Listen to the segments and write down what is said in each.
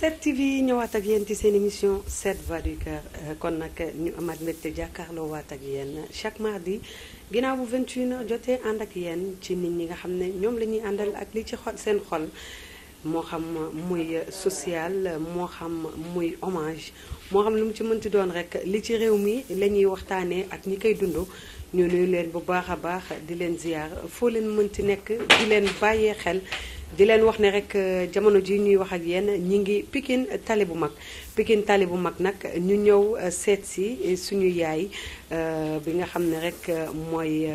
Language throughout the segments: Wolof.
7 TV ñëwaat ak yéen ci seen émission 7 voix du euh, kon nag ñu amaat mbégte jàkkaarloo waat ak yéen chaque mardi ginnaaw bu vingt h jotee ànd ak yéen ci nit ñi nga xam ne ñoom la ñuy àndal ak li ci xol seen xol moo xam muy social moo xam muy hommage moo xam lu mu ci mënti doon rek li ci réew mi la ñuy waxtaanee ak ñi koy dund ñu nuyu leen bu baax a baax di leen ziar foo leen mënti nekk di leen bàyyee xel. di leen wax ne rek euh, jamono ji ñuy wax ak yenn ñi ngi Pikine tali bu mag pikin tali bu mag nag ñu ñëw euh, seet si suñu yaay euh, bi nga xam ne rek mooy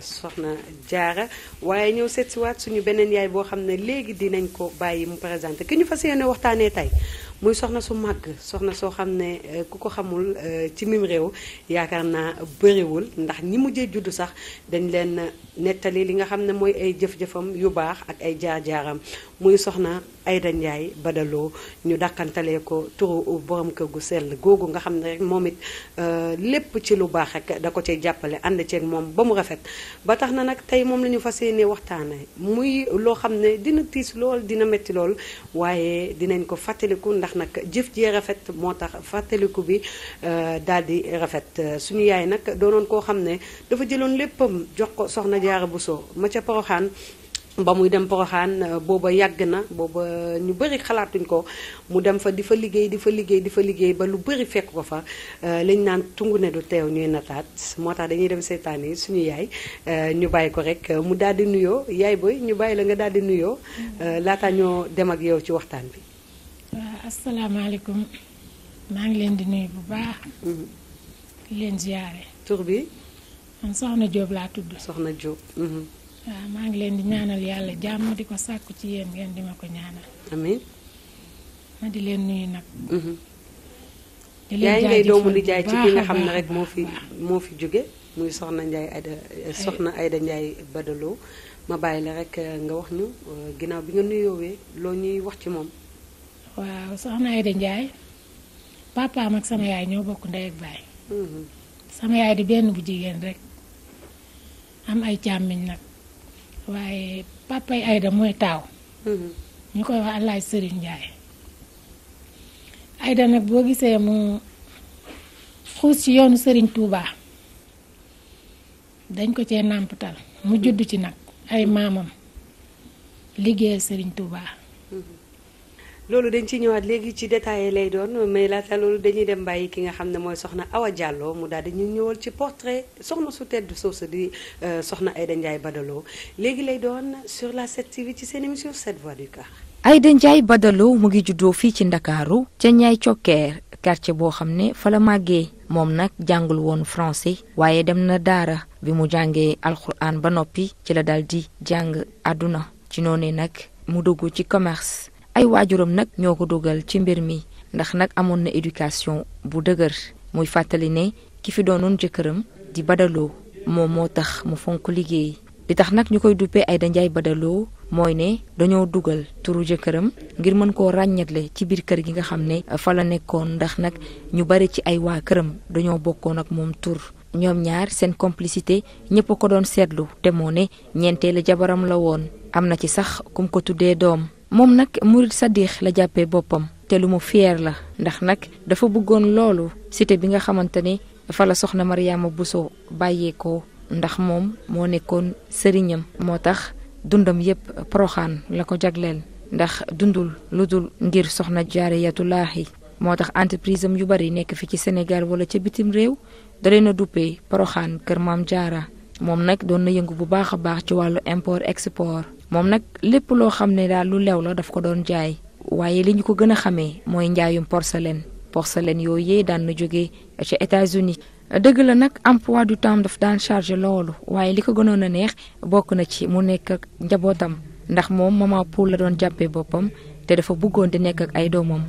soxna jaara waaye ñëw seet si waat suñu beneen yaay boo xam ne léegi dinañ ko bàyyi mu présenté ki ñu fas yéene waxtaanee tey muy soxna su màgg soxna soo xam ne euh, ku ko xamul euh, ci mim réew yaakaar naa bëriwul ndax ñi mujjee juddu sax dañ leen nettali li nga xam ne mooy ay jëf-jëfam yu baax ak ay jaar-jaaram muy soxna Aïda Ndiaye Badaloo ñu dàkkantalee ko turu borom kër gu sell googu nga xam ne rek moom it euh, lépp ci lu baax rek da ko cay jàppale ànd ceeg moom ba mu rafet ba tax na nag tey moom la fa fas yéenee waxtaane muy loo xam ne dina tiis lool dina metti lool waaye dinañ ko fàttaliku ndax nag jëf jee rafet moo tax fàttaliku bi euh, daal di rafet suñu yaay nag doonoon koo xam ne dafa jëloon léppam jox ko soxna Jaara Buso ma ca Poroxaan ba muy dem Porokhane euh, booba yàgg na booba ñu bari xalaatuñ ko mu dem fa di fa liggéey di fa liggéey di fa liggéey ba lu bari fekk ko fa euh, liñ naan tungu ne du teew ñuy nataat moo tax dañuy dem seetaan yi suñu yaay euh, ñu bàyyi ko rek mu daal di nuyoo yaay booy ñu bàyyi la nga daal di nuyoo mm. laata ñoo dem ak yow ci waxtaan bi. waaw asalaamaaleykum maa ngi leen di nuyu bu baax. Mm-hmm. leen ziare. tur bi. man Soxna Diop laa tudd. Soxna Diop. waaw maa ngi leen di ñaanal yàlla jàmm di ko sàkku ci yéen ngeen di ma ko ñaanal. amiin. ma di leen nuyu nag. Mm-hmm. di leen jaajëfal ngay doomu di ci ki nga xam ne rek moo fi moo fi jóge muy Soxna Ndiaye Aida Soxna ayda Ndiaye Badaloo ma bàyyi la rek euh, nga wax ñu euh, ginnaaw bi nga nuyoowee loo ñuy wax ci moom. waaw Soxna Aida Ndiaye papaam ak sama yaay ñoo bokk ndey ak baay. Mm-hmm. sama yaay di benn bu jigéen rek am ay càmmiñ nag. waaye papay ayda mooy taaw mm-hmm. ñu koy wax Alaaj Sëriñ Njaay Aïda nag boo gisee mu xuus ci yoonu Sëriñ Tuuba dañ ko cee nàmpatal mu juddu ci nag ay maamam liggéeyal Sëriñ Tuuba loolu dañ ci ñëwaat léegi ci détaillé lay doon mais laata loolu dañuy dem bàyyi ki nga xam ne mooy soxna Awa Diallo mu daal di ñu ñëwal ci portrait soxna su tedd soosu di euh, soxna ay Ndiaye badaloo léegi lay doon sur la 7 ci seen émission 7 voix du cœur. Aïda Badalo mu ngi juddoo fii ci Ndakaaru ca Ñaay Cokkeer quartier boo xam ne fa la màggee moom nag jàngul woon français waaye dem na daara bi mu jàngee alxuraan ba noppi ci la dal di jàng àdduna ci noonu nag mu dugg ci commerce. ay waajuram nag ñoo ko dugal ci mbir mi ndax nag amoon na éducation bu dëgër muy fàttali ne ki fi doonoon jëkkëram di badaloo moom moo tax mu fonk liggéey li tax nag ñu koy duppee ay danjaay badaloo mooy ne dañoo dugal turu jëkkëram ngir mën koo ràññatle ci biir kër gi nga xam ne fa la nekkoon ndax nag ñu bari ci ay waa këram dañoo bokkoon ak moom tur ñoom ñaar seen complicité ñëpp ko doon seetlu te moo ne ñeenteelu jabaram la woon am na ci sax kum ko tuddee doom moom nag murit sadix la jàppee boppam te lu mu fier la ndax nag dafa bëggoon loolu cité bi nga xamante ni fa la soxna Mariama Bousso bàyyeekoo ndax moom moo nekkoon sëriñam moo tax dundam yépp poroxaan la ko jagleel ndax dundul lu dul ngir soxna jaariyatulaahi moo tax entreprise am yu bari nekk fi ci Sénégal wala ca bitim réew dalee na duppee poroxaan kër maam jaara moom nag doon na yëngu bu baax a baax ci wàllu import export moom nag lépp loo xam ne daal lu lew la daf ko doon jaay waaye li ñu ko gën a xamee mooy njaayum porcelaine porcelaine yooyu yee daan na jógee ca États-Unis dëgg la nag emploi du temps daf daan chargé loolu waaye li ko gënoon a neex bokk na ci mu nekk ak njabootam ndax moom maman Poul la doon jàppee boppam te dafa bëggoon di nekk ak ay doomam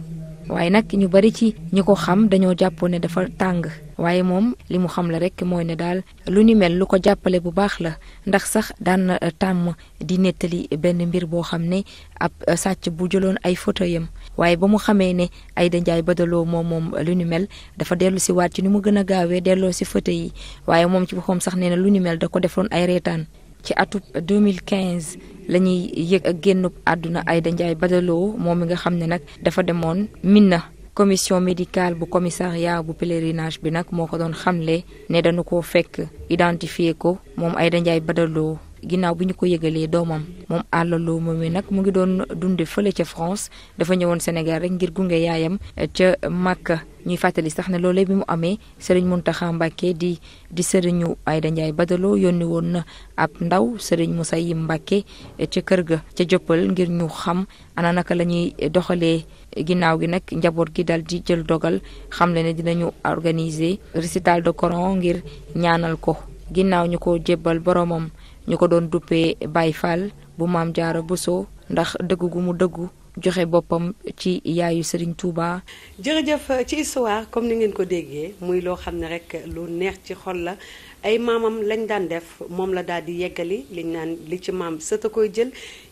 waaye nag ñu bari ci ñu ko xam dañoo jàppoon ne dafa tàng waaye moom li mu xam la rek mooy ne daal lu ni mel lu ko jàppale bu baax la ndax sax daan na tàmm di nettali benn mbir boo xam ne ab sàcc bu jëloon ay fauteuilam waaye ba mu xamee ne Aïda Ndiaye Badaloo moom moom lu ni mel dafa dellu si ci ni mu gën a gaawee delloo si fauteuil yi waaye moom ci boppam sax nee na lu ni mel da ko defoon ay reetaan ci atub 2015 la ñuy yëg ak génnub àdduna Aïda Ndiaye Badaloo moom mi nga xam ne nag dafa demoon Minna commission médicale bu commissariat bu pèlerinage bi nag moo ko doon xamle ne dañu ko fekk identifier ko moom ay Ndiaye Badaloo ginnaaw bi ñu ko yëgalee doomam moom àllaloo moom nag mu ngi doon dunde fële ca France dafa ñëwoon Sénégal rek ngir gunge yaayam ca Makka ñuy fàttali sax ne loolee bi mu amee sëriñ Mountakha Mbacké di di sëriñu Aïda Ndiaye Badaloo yónni woon na ab ndaw sëriñ Moussa yi Mbacké ca kër ga ca Joppal ngir ñu xam ana naka la ñuy doxalee ginnaaw gi nag njaboot gi dal di jël dogal xamle ne dinañu organiser récital de Coran ngir ñaanal ko ginnaaw ñu ko jébbal boromam ñu ko doon duppee Baye Fall bu maam Jaara Bousso ndax dëgg gu mu dëggu joxe boppam ci yaayu Serigne Touba. jërëjëf ci histoire comme ni ngeen ko déggee muy loo xam ne rek lu neex ci xol la. ay maamam lañ daan def moom la daal di yeggali liñ naan li ci maam sa a koy jël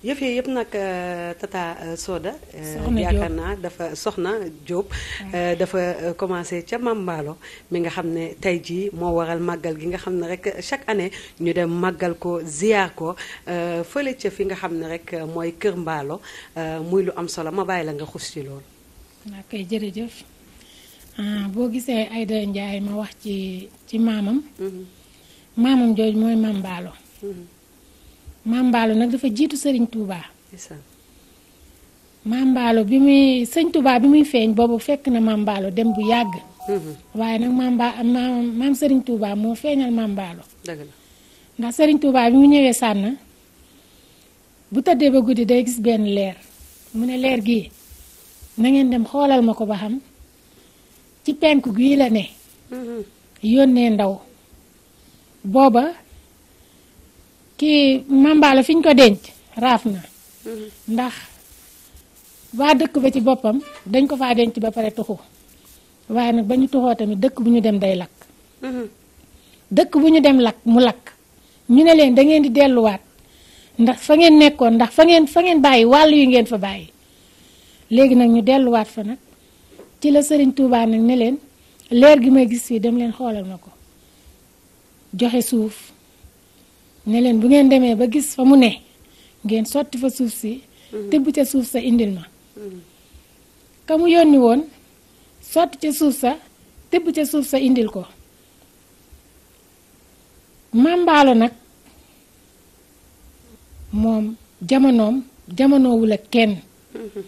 yëf yëpp nag euh, tata euh, Soda. Euh, yaakaar naa dafa soxna Diop. dafa commencé ca maam Mballo mi nga xam ne tey jii moo waral màggal gi nga xam ne rek chaque année ñu dem màggal ko ziyaar ko fële fi nga xam ne rek mooy Kër Mballo muy lu am solo ma bàyyi la nga xus ci loolu. Ah, boo gisee Aïda Ndiaye ma wax ci ci maamam. Mm-hmm. maamam jooju mooy maam Baalo. Mm-hmm. nag dafa jiitu sëriñ Touba. maam bi muy sëñ Touba bi muy feeñ boobu fekk na maam dem bu yàgg. Mm-hmm. waaye nag maam Ba maam maam Serigne Touba moo feeñal maam Baalo. dëgg ndax sëriñ Touba bi mu ñëwee sànn bu tëddee ba guddi day gis benn leer mu ne leer gii na ngeen dem xoolal ma ko ba xam ci penku gii la ne. Mm-hmm. yónnee ndaw. booba kii mambaala fi ñu ko denc raaf na mm-hmm. ndax waa dëkk ba ci boppam dañ ko faa denc ba pare tuxu waaye nag ba ñu tuxoo tamit dëkk bu ñu dem day lakk mm-hmm. dëkk bu ñu dem lakk mu lakk ñu ne leen da ngeen di delluwaat ndax fa ngeen nekkoon ndax fa ngeen fa ngeen bàyyi wàll yu ngeen fa bàyyi léegi nag ñu delluwaat fa nag ci la sëriñ tuubaan nag ne leen leer gi may gis fii dem leen xoolal ma ko joxe suuf ne leen bu ngeen demee ba gis fa mu ne ngeen sotti fa suuf si mm-hmm. tibb ca suuf sa indil ma mm-hmm. ka mu yónni woon sotti ca suuf sa tibb ca suuf sa indil ko màmbaalo nag moom jamonoom jamonoowul kenn mm-hmm.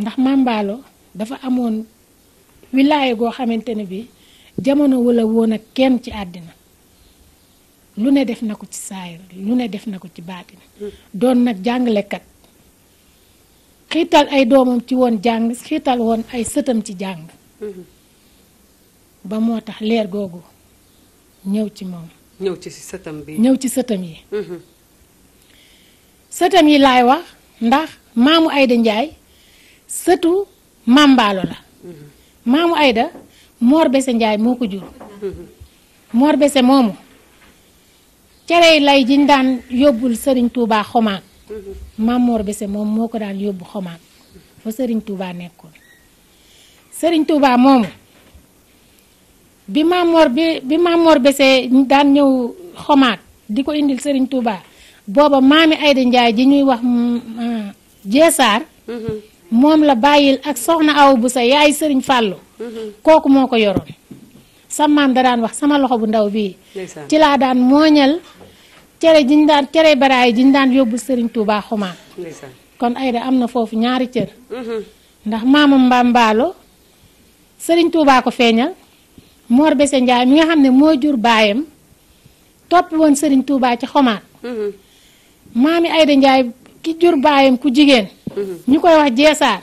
ndax màmbaalo dafa amoon wilaaya goo xamante ne bi jamono wala woon ak kenn ci àddina lu ne def na ko ci saayir lu ne def na ko ci baatin doon nag jàngalekat xiital ay doomam ci woon jàng xiital woon ay sëtam ci jàng ba moo tax leer googu ñëw ci moom ñëw ci sëtam bi ñëw ci sëtam yi mm-hmm. sëtam yi laay wax ndax maamu Ayda Njaay sëtu màmbaalo la mm-hmm. maamu Ayda Moor Bese Njaay moo ko jur Moor mm-hmm. Bese moomu cere yi lay jiñ daan yóbbul sëriñ Touba xomaak Mamor Bese moom moo ko daan yóbbu xomaak fa sëriñ Touba nekkoon sëriñ Touba moomu bi Mamor bi bi Mamor Bese daan ñëw xomaak di ko indil sëriñ Touba booba maami Ayda Njaay ji ñuy wax jeesaar euh, mhm. moom la bàyyil ak soxna aw bu sa yaay sëriñ Fàllu mhm. kooku moo ko yoroon sama maam da daan wax sama loxo bu ndaw bii ci laa daan mooñal cere jiñ daan cere baraay jiñ daan yóbbu sëriñ Touba xumaan kon Aida am na foofu ñaari cër mm-hmm. ndax maamam mbaalo sëriñ Touba ko feeñal Mor Bese Njaay mi nga xam ne moo jur baayam topp woon sëriñ Touba ci xomaat mm-hmm. maami Aida Njaay ki jur baayam ku jigéen mm-hmm. ñu koy wax jeesaar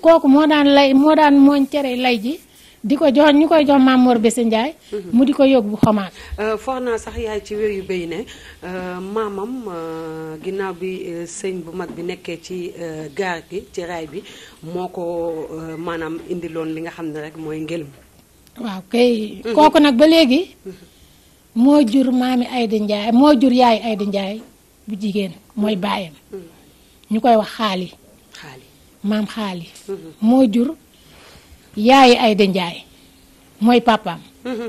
kooku moo daan lay moo daan mooñ cere lay ji di ko jox ñu koy jox Mamor Bese Ndiaye. Mhm. mu di ko yóbbu xomaat. Euh, foog naa sax yaay ci yu béy ne euh, maamam euh, ginnaaw bi sëñ bu mag bi nekkee ci gaar gi ci raay bi moo ko maanaam indi indiloon li nga xam ne rek mooy ngëlm. waaw kay. Mhm. kooku nag ba léegi. Mhm. moo jur maami Ayda Ndiaye moo jur yaay Ayda Ndiaye bu jigéen mooy baayam. ñu koy wax xaali. xaali maam xaali. moo jur. yaay Aïda Ndiaye mooy papaam. Mhm.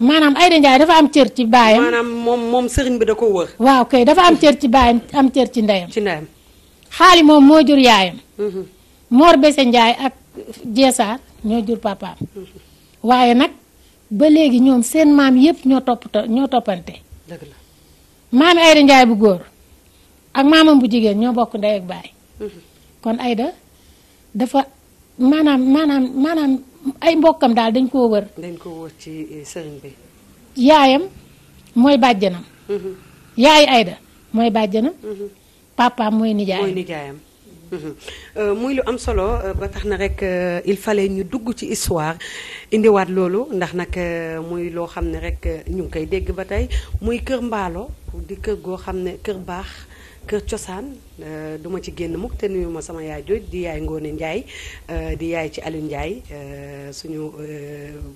maanaam Aïda Ndiaye dafa am cër ci baayam. maanaam moom moom sëriñ bi da ko wër. waaw kay dafa am cër ci baayam am cër ci ndeyam. ci ndeyam xaali moom moo jur yaayam. Mhm. Mor Bese Ndiaye ak Jeesaar ñoo jur papaam. Mhm. waaye nag ba léegi ñoom seen maam yëpp ñoo toppatoo ñoo toppante. dëgg la maami Aïda Ndiaye bu góor ak maamam bu jigéen ñoo bokk ndey ak baay. kon Aïda dafa maanaam maanaam maanaam ay mbokkam daal dañ koo wër. dañ koo wër ci eh, sëriñ bi. yaayam mooy bàjjanam. Mm-hmm. yaay ayda mooy bàjjanam. Mm-hmm. papaam mooy nijaayam nijaayam. Mm-hmm. Euh, muy lu am solo euh, ba tax na rek euh, il fallait ñu dugg ci histoire indiwaat loolu ndax nag muy loo xam ne rek ñu ngi koy dégg ba tey muy kër mbaalo di kër goo xam ne kër baax. kër cosaan euh, du ma ci génn mukk te nuyu ma sama yaay jooj di yaay Ngoone Ndiaye euh, di yaay ci Aliou Ndiaye euh, suñu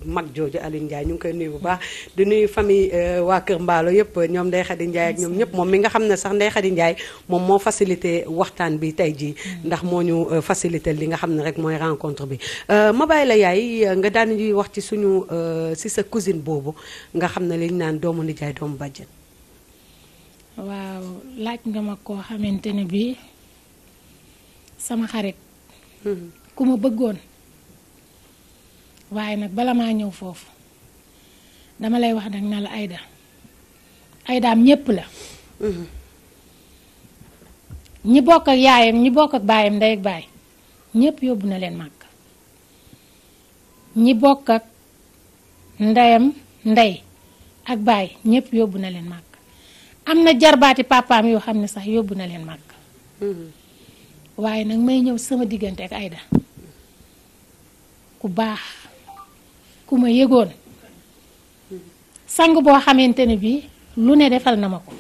mag jooju Aliou Ndiaye ñu ngi koy nuyu bu baax di nuyu famille waa kër mbaalo yëpp ñoom Ndeye Khady Ndiaye ak ñoom ñëpp moom mi nga xam ne sax Ndeye Khady Ndiaye moom moo facilité waxtaan bi tey jii mm. ndax moo ñu facilité li nga xam ne rek mooy rencontre bi ma bàyyi la yaay nga daan ñuy wax ci suñu si sa cousine boobu nga xam ne li ñu naan doomu nijaay doomu bàjjen waaw laaj nga ma koo xamante ne bii sama xarit. Mm-hmm. ku ma bëggoon waaye nag bala maa ñëw foofu dama lay wax nag na la Aida Aidaam ñépp la. Mm-hmm. ñi bokk ak yaayam ñi bokk ak baayam ndey ak baay ñépp yóbbu na leen màkk ñi bokk ak ndey ak baay ñépp yóbbu na leen màkk. am na jarbaati papaam yoo xam ne sax yóbbu na leen màkk mm-hmm. waaye nag may ñëw sama diggante ak Aida ku baax ku ma yëgoon mm-hmm. sang boo xamante ne bii lu ne defal na ma ko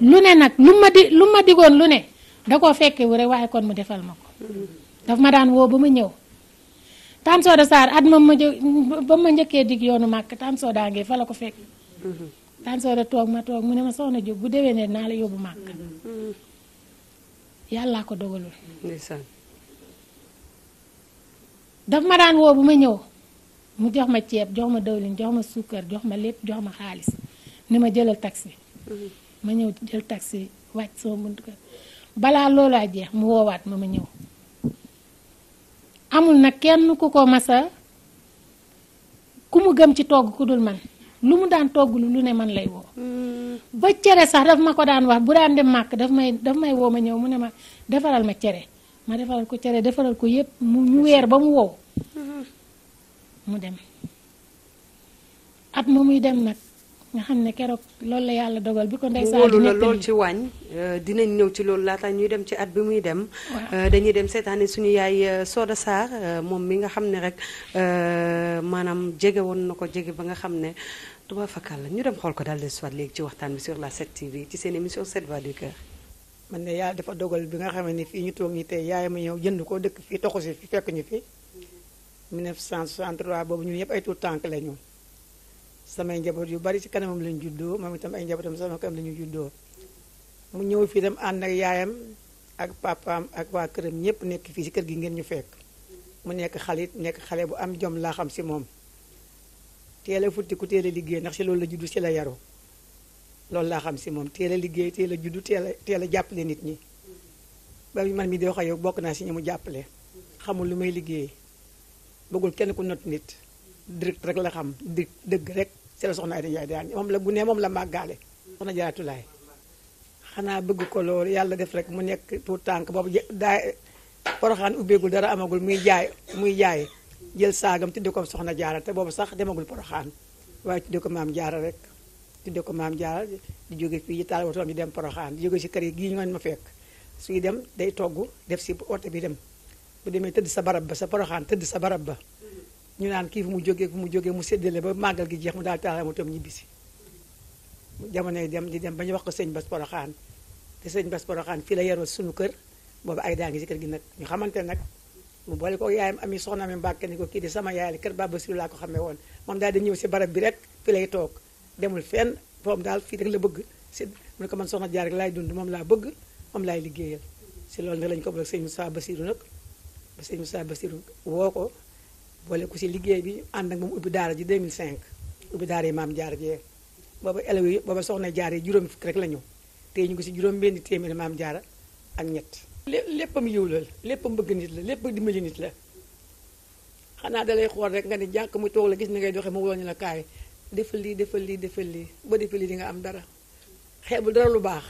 lu ne nag lu ma di lu ma digoon lu ne da koo fekkee wu rek waaye kon mu defal ma ko mm-hmm. daf ma daan woo ba ma ñëw Tante Soda Sarr at ma ma ba ma jëkkee dig yoonu màkk Tante Soda fa la ko fekk daan soo toog ma toog mu ne ma soxna Diop bu déwénee naa la yóbbu màkk mm-hmm. yàllaa ko dogalul daf ma daan woo bu ma ñëw mu jox ma ceeb jox ma dawlin jox ma suukar jox ma lépp jox ma xaalis ni ma jëlal taxi mm-hmm. ma ñëw jël taxi wàcc sama bunt kër balaa loolaa jeex mu woowaat ma ma ñëw amul nag kenn ku ko masa ku mu gëm ci togg ku dul man lu mu daan togg lu lu ne man lay woo. Hmm. ba cere sax daf ma ko daan wax bu daan dem màkk daf may daf may woo ma ñëw mu ne ma defaral ma cere ma defaral ko cere defaral ko yépp mu ñu weer ba mu wow. Hmm. mu dem at ma muy dem nag. nga xam ne keroog loolu la yàlla dogal bi ko ndeysaan wóolu la lool ci waañ euh, dinañ ñëw ci loolu laata ñuy dem ci at bi muy dem euh, dañuy dem seetaane suñu yaay soo euh, Soda Sarr moom mi nga xam ne rek maanaam jege woon na ko jege ba nga xam ne tuba fakal la ñu dem xool ko daal de soit léegi ci waxtaan bi sur la 7 TV ci seen émission 7 voix du cœur man ne yàlla dafa dogal bi nga xam ne fii ñu toog ñi tey yaayam ma ñëw jënd ko dëkk fii toxu si fi fekk ñu fi 1963 mm-hmm. boobu ñun yëpp ay tout tànk la ñu samay njaboot yu bari si kanamam lañ juddoo moom itam ay njabootam sama kanam la ñu juddoo mu ñëw fii dem ànd ak yaayam ak papaam ak waa këram ñëpp nekk fii si kër gi ngeen ñu fekk mu nekk xalit nekk xale bu am jom laa xam si moom teel a futti ku teel liggéey ndax si loolu la juddu ci la yaru loolu laa xam si moom teel liggéey teel a juddu teel a teel a jàppale nit ñi ba man mi di wax ak yow bokk naa si ñi mu jàppale xamul lu may liggéey bëggul kenn ku not nit direct rek la xam di dëgg rek ci la soxna Aida Ndiaye daan moom la bu ne moom la màggaale soxna jaatulaay xanaa bëgg ko loolu yàlla def rek mu nekk tout tànk boobu daay poroxaan ubbeegul dara amagul muy jaay muy jaay jël saagam tudde ko soxna jaara te boobu sax demagul poroxaan waaye tudde ko maam jaara rek tudde ko maam jaara di jóge fii taal wotoom di dem poroxaan di jóge si kër yi gii ñooñ ma fekk suy dem day togg def si oto bi dem bu demee tëdd sa barab ba sa poroxaan tëdd sa barab ba ñu naan kii fu mu jógee fu mu jógee mu séddale ba màggal gi jeex mu daal taala mu tam ñibbisi jamonoy dem di dem ba ñu wax ko sëñ Bass Poroxaan te sëñ Bass Poroxaan fii la yaroo suñu kër boobu ay daa ngi si kër gi nag ñu xamante nag mu boole ko yaayam ami soxna mi Mbàkke ko kii di sama yaay la kër Baba Siru laa ko xamee woon moom daal di ñëw si barab bi rek fi toog demul fenn foofu daal fii rek la bëgg si mu ne ko man soxna jaar rek laay dund moom laa bëgg moom laay liggéeyal si loolu nag lañ ko bëgg sëñ Moussa Bassirou nag ba sëñ Moussa Bassirou woo ko boole ko si liggéey bi ànd ak moom ubbi daara ji 2005 ubbi daara yi maam jaara jee booba élèves yi booba soxna jaar yi juróom fukki rek la ñu tey ñu ngi si juróom benn téeméeri maam jaara ak ñett léppam yiw la léppam bëgg nit la lépp dimbali nit la xanaa dalay xool rek nga ne jànk mu toog la gis ni ngay doxee mu ñu la kaay defal lii defal lii defal lii ba defal lii di nga am dara bu dara lu baax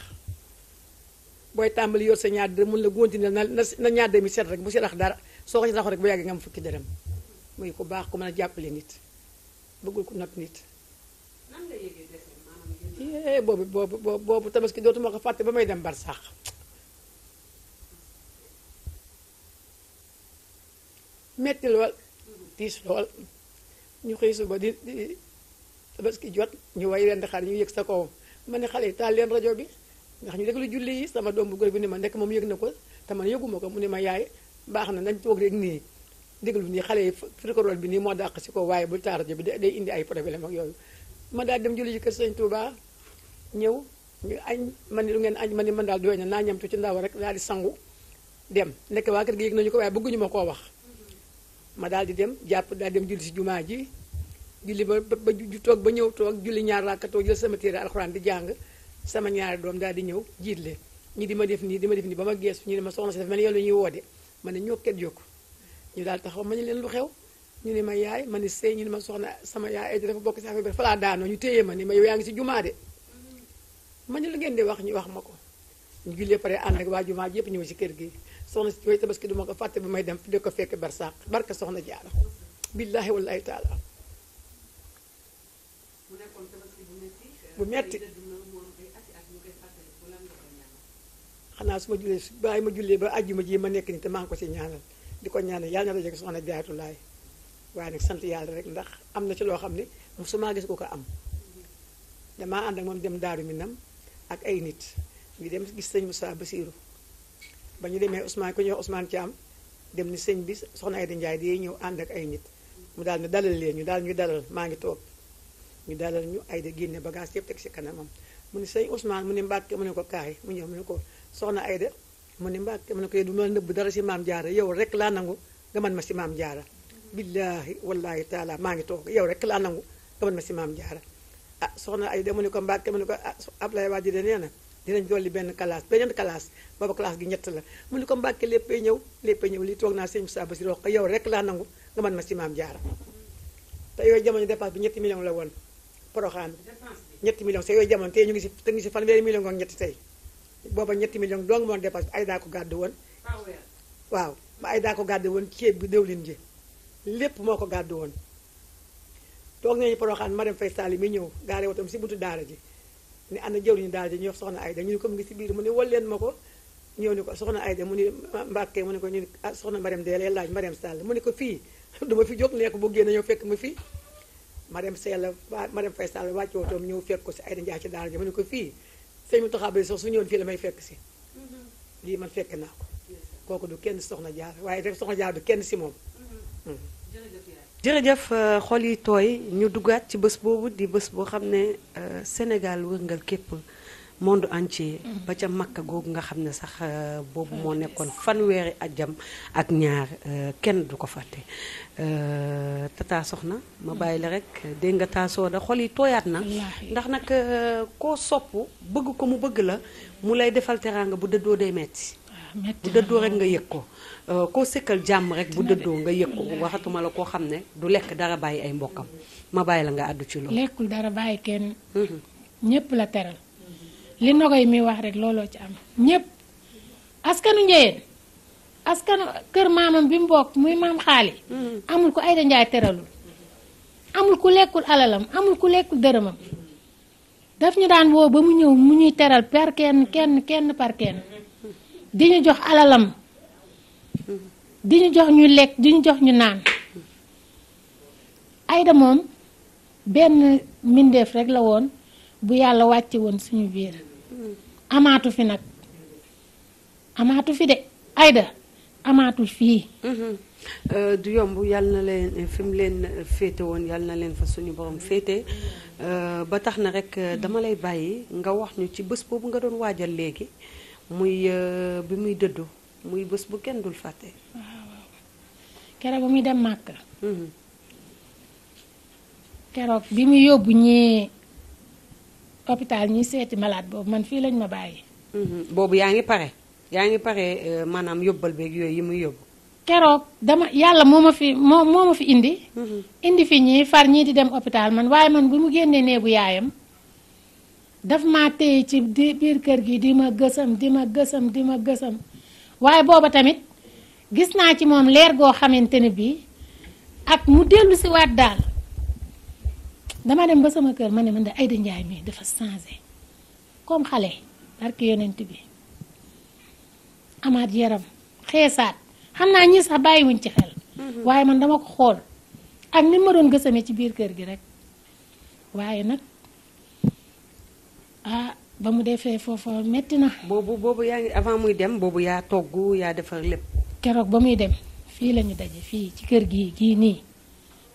booy tàmbali yor sa ñaar dërëm mun la góonti na na ñaar dërëm yi set bu si dara soo ko si raxoo rek am fukki dërëm muy ko baax ku mën a jàppale nit bëggul ko not nit. nan nga boobu boobu boobu tabaski dootuma ko fàtte ba may dem barsaax metti lool mhm. tiis lool ñu xëy ba di di tabaski jot ñu way leen di ñu yëg sa kawam ma ne xale yi taal leen rajo bi ndax ñu déglu julli yi sama doom bu góor bi ni ma nekk moom yëg na ko te man yëguma ko mu ne ma yaay baax na nañ toog rek nii. déglu nii xale yi frikorool bi nii moo dàq si ko waaye bu taar bi day indi ay problème ak yooyu ma daal dem julli ci kër sëñ Touba ñëw ñu añ man ni lu ngeen añ man ni man daal doy na naa ñamtu ci ndaw rek daal di sangu dem nekk waa kër gi yëg nañu ko waaye bëgguñu ma koo wax ma daal di dem jàpp daal dem julli si jumaa ji julli ba ba ju toog ba ñëw toog julli ñaar raaka toog jël sama téere alxuraan di jàng sama ñaari doom daal di ñëw jiitle ñi di ma def nii di ma def ñu ne ma soxna mel ni la ñuy woote ma ne ñoo ket yokku ñu daal taxaw ma ñu leen lu xew ñu ne ma yaay ma ne sëy ñu ne ma soxna sama yaay ay dafa bokk si affaire bi daanoo ñu téye ma ne ma yow yaa ngi si jumaa de ma ne lu ngeen di wax ñu wax ma ko ñu jullee pare ànd ak waa jumaa ji yëpp ñëw si kër gi soxna si way tabaski du ma ko bi may dem di ko fekk barsàq barka soxna jaara billaahi wallaahi taala bu metti euh, xanaa su ma jullee bàyyi ma jullee ba àjjuma ji ma nekk ni te maa ngi ko si ñaanal di ko ñaan yàlla na dajeg soxna jaayatulaay waaye nag sant yàlla rek ndax am na ci loo xam ne musuma gis ko ko am damaa ànd ak moom dem daaru minam ak ay nit ñu dem gis sëñ Moussa Basiiru ba ñu demee Ousmane ku ñuy wax Ousmane Thiam dem ni sëñ bi soxna Ayda Ndiaye di ñëw ànd ak ay nit mu daal ne dalal leen ñu daal ñu dalal maa ngi toog ñu dalal ñu Ayda génne bagage yëpp teg ci kanamam mu ne sëñ Ousmane mu ne Mbàkke mu ne ko kaay mu ñëw mu ne ko soxna Ayda mu ne Mbàkke mu ne ko yow du ma nëbb dara si maam jaara yow rek laa nangu nga man ma si maam jaara billaahi wallaahi taala maa ngi toog yow rek laa nangu nga man si maam jaara ah soxna ay da mu ne ko Mbàkke mu ah, de nee na dinañ dolli benn classe beneen classe booba classe gi ñett la mu ne ko Mbàkke léppay ñëw léppay ñëw li toog naa sëñ Moussa Bassirou wax ko yow rek laa nangu nga man ma si maam jaara te yooyu jamono dépense bi ñetti million la woon poroxaan ñetti million sa yooyu jamono tey ñu ngi si te ngi si fanweeri million ak ñetti tey booba ñetti million dong moo dépassé ay daa ko gàdd woon waaw ba ay daa ko gàdd woon ceeb bi déwlin ji lépp moo ko gàdd woon toog nañu poroxaan ma dem fay saali mi ñëw gaare wotam si buntu daara ji ne ana jëwriñu daara ji ñu wax soxna Ayda ñu ne ko mu ngi biir mu ne wol leen ma ko ñëw ni ko soxna Ayda mu ne Mbàkke mu ne ko ñu ne ah, soxna Mariam de laaj Mariam Sall mu ne ko fii duma fi jóg nekk bu génn ñëw fekk ma fii Mariam Sall Mariam Fay Sall wàcc wotoom ñëw fekk ko si Ayda Njaay ci daara ji mu ne ko fii sëñ Mountakha Basiru sax su ñëwoon fii la may fekk si mhm. lii man fekk naa ko kooku du kenn soxna jaar waaye def soxna jaar du kenn si moom mhm. hmm. jërëjëf euh, xol yi tooy ñu duggaat ci bés boobu di bés boo xam ne euh, Sénégal wërngal képp monde entier. ba ca makk googu nga xam ne sax euh, boobu moo nekkoon fanweeri ajjam ak ñaar euh, kenn du ko fàtte. Euh, tata na ma bàyyi la rek dégg nga taasoo da xol yi tooyaat na. ndax nag koo sopp bëgg ko mu bëgg la mu lay defal teraanga bu dëddoo dee ah, metti bu dëddoo rek nga yëg ko koo sëkkal jàmm rek bu dëddoo nga yëg ko waxatuma la koo xam ne du lekk dara bàyyi ay mbokkam ma bàyyi la nga àddu ci loolu. lekkul dara bàyyi kenn. Mm-hmm. ñëpp la teral. li nogay muy wax rek looloo ci am ñépp askanu njëyeen askanu kër maamam bi mu bokk muy maam xaali mm-hmm. amul ku Ayda Njaay teralul amul ku lekkul alalam amul ku lekkul dërëmam daf ñu daan woo ba mu ñëw mu ñuy teral par kenn kenn kenn par di ñu jox alalam di ñu jox ñu lekk di ñu jox ñu naan Ayda moom benn mbindeef rekk la woon bu yàlla wàcce woon suñu biir amaatu fi nag amaatu fi de ayda amaatul fii. Mhm. Euh, du yomb yàlla na leen fi mu leen féete woon yàlla na leen fa suñu borom féete euh, ba tax na rek euh, dama lay bàyyi nga wax ñu ci bës boobu nga doon waajal léegi muy bi muy dëddu muy bés bu kenn dul fàtte. keroog bi muy dem màkk. Mhm. keroog bi muy yóbbu ñii hôpital ñi seeti malaat boobu man fii lañ ma bàyyi. Mhm. boobu yaa ngi pare yaa ngi pare euh, maanaam yóbbal beeg yooyu yi muy yóbbu. keroog dama yàlla moo ma fi moo moo ma fi indi. Mhm. indi fi ñii far ñii di dem hôpital man waaye man bu mu génnee néegu yaayam daf ma téye ci biir kër gi di ma gësëm di ma gësëm di ma gësëm waaye booba tamit gis naa ci moom leer goo xamante ne bii ak mu dellu si waat daal. dama dem ba sama kër ma ne man de Aïda Ndiaye mi dafa changé comme xale barki yonent bi amaat yaram xeesaat xam naa ñi sax bàyyiwuñ ci xel mhm. waaye man dama ko xool ak ni ma doon gësame ci biir kër gi rek waaye nag ah ba mu defee foofa metti na boobu boobu yaa ngi avant muy dem boobu yaa togg yaa defar lépp keroog ba muy dem fii lañu daje fii ci kër gi gii nii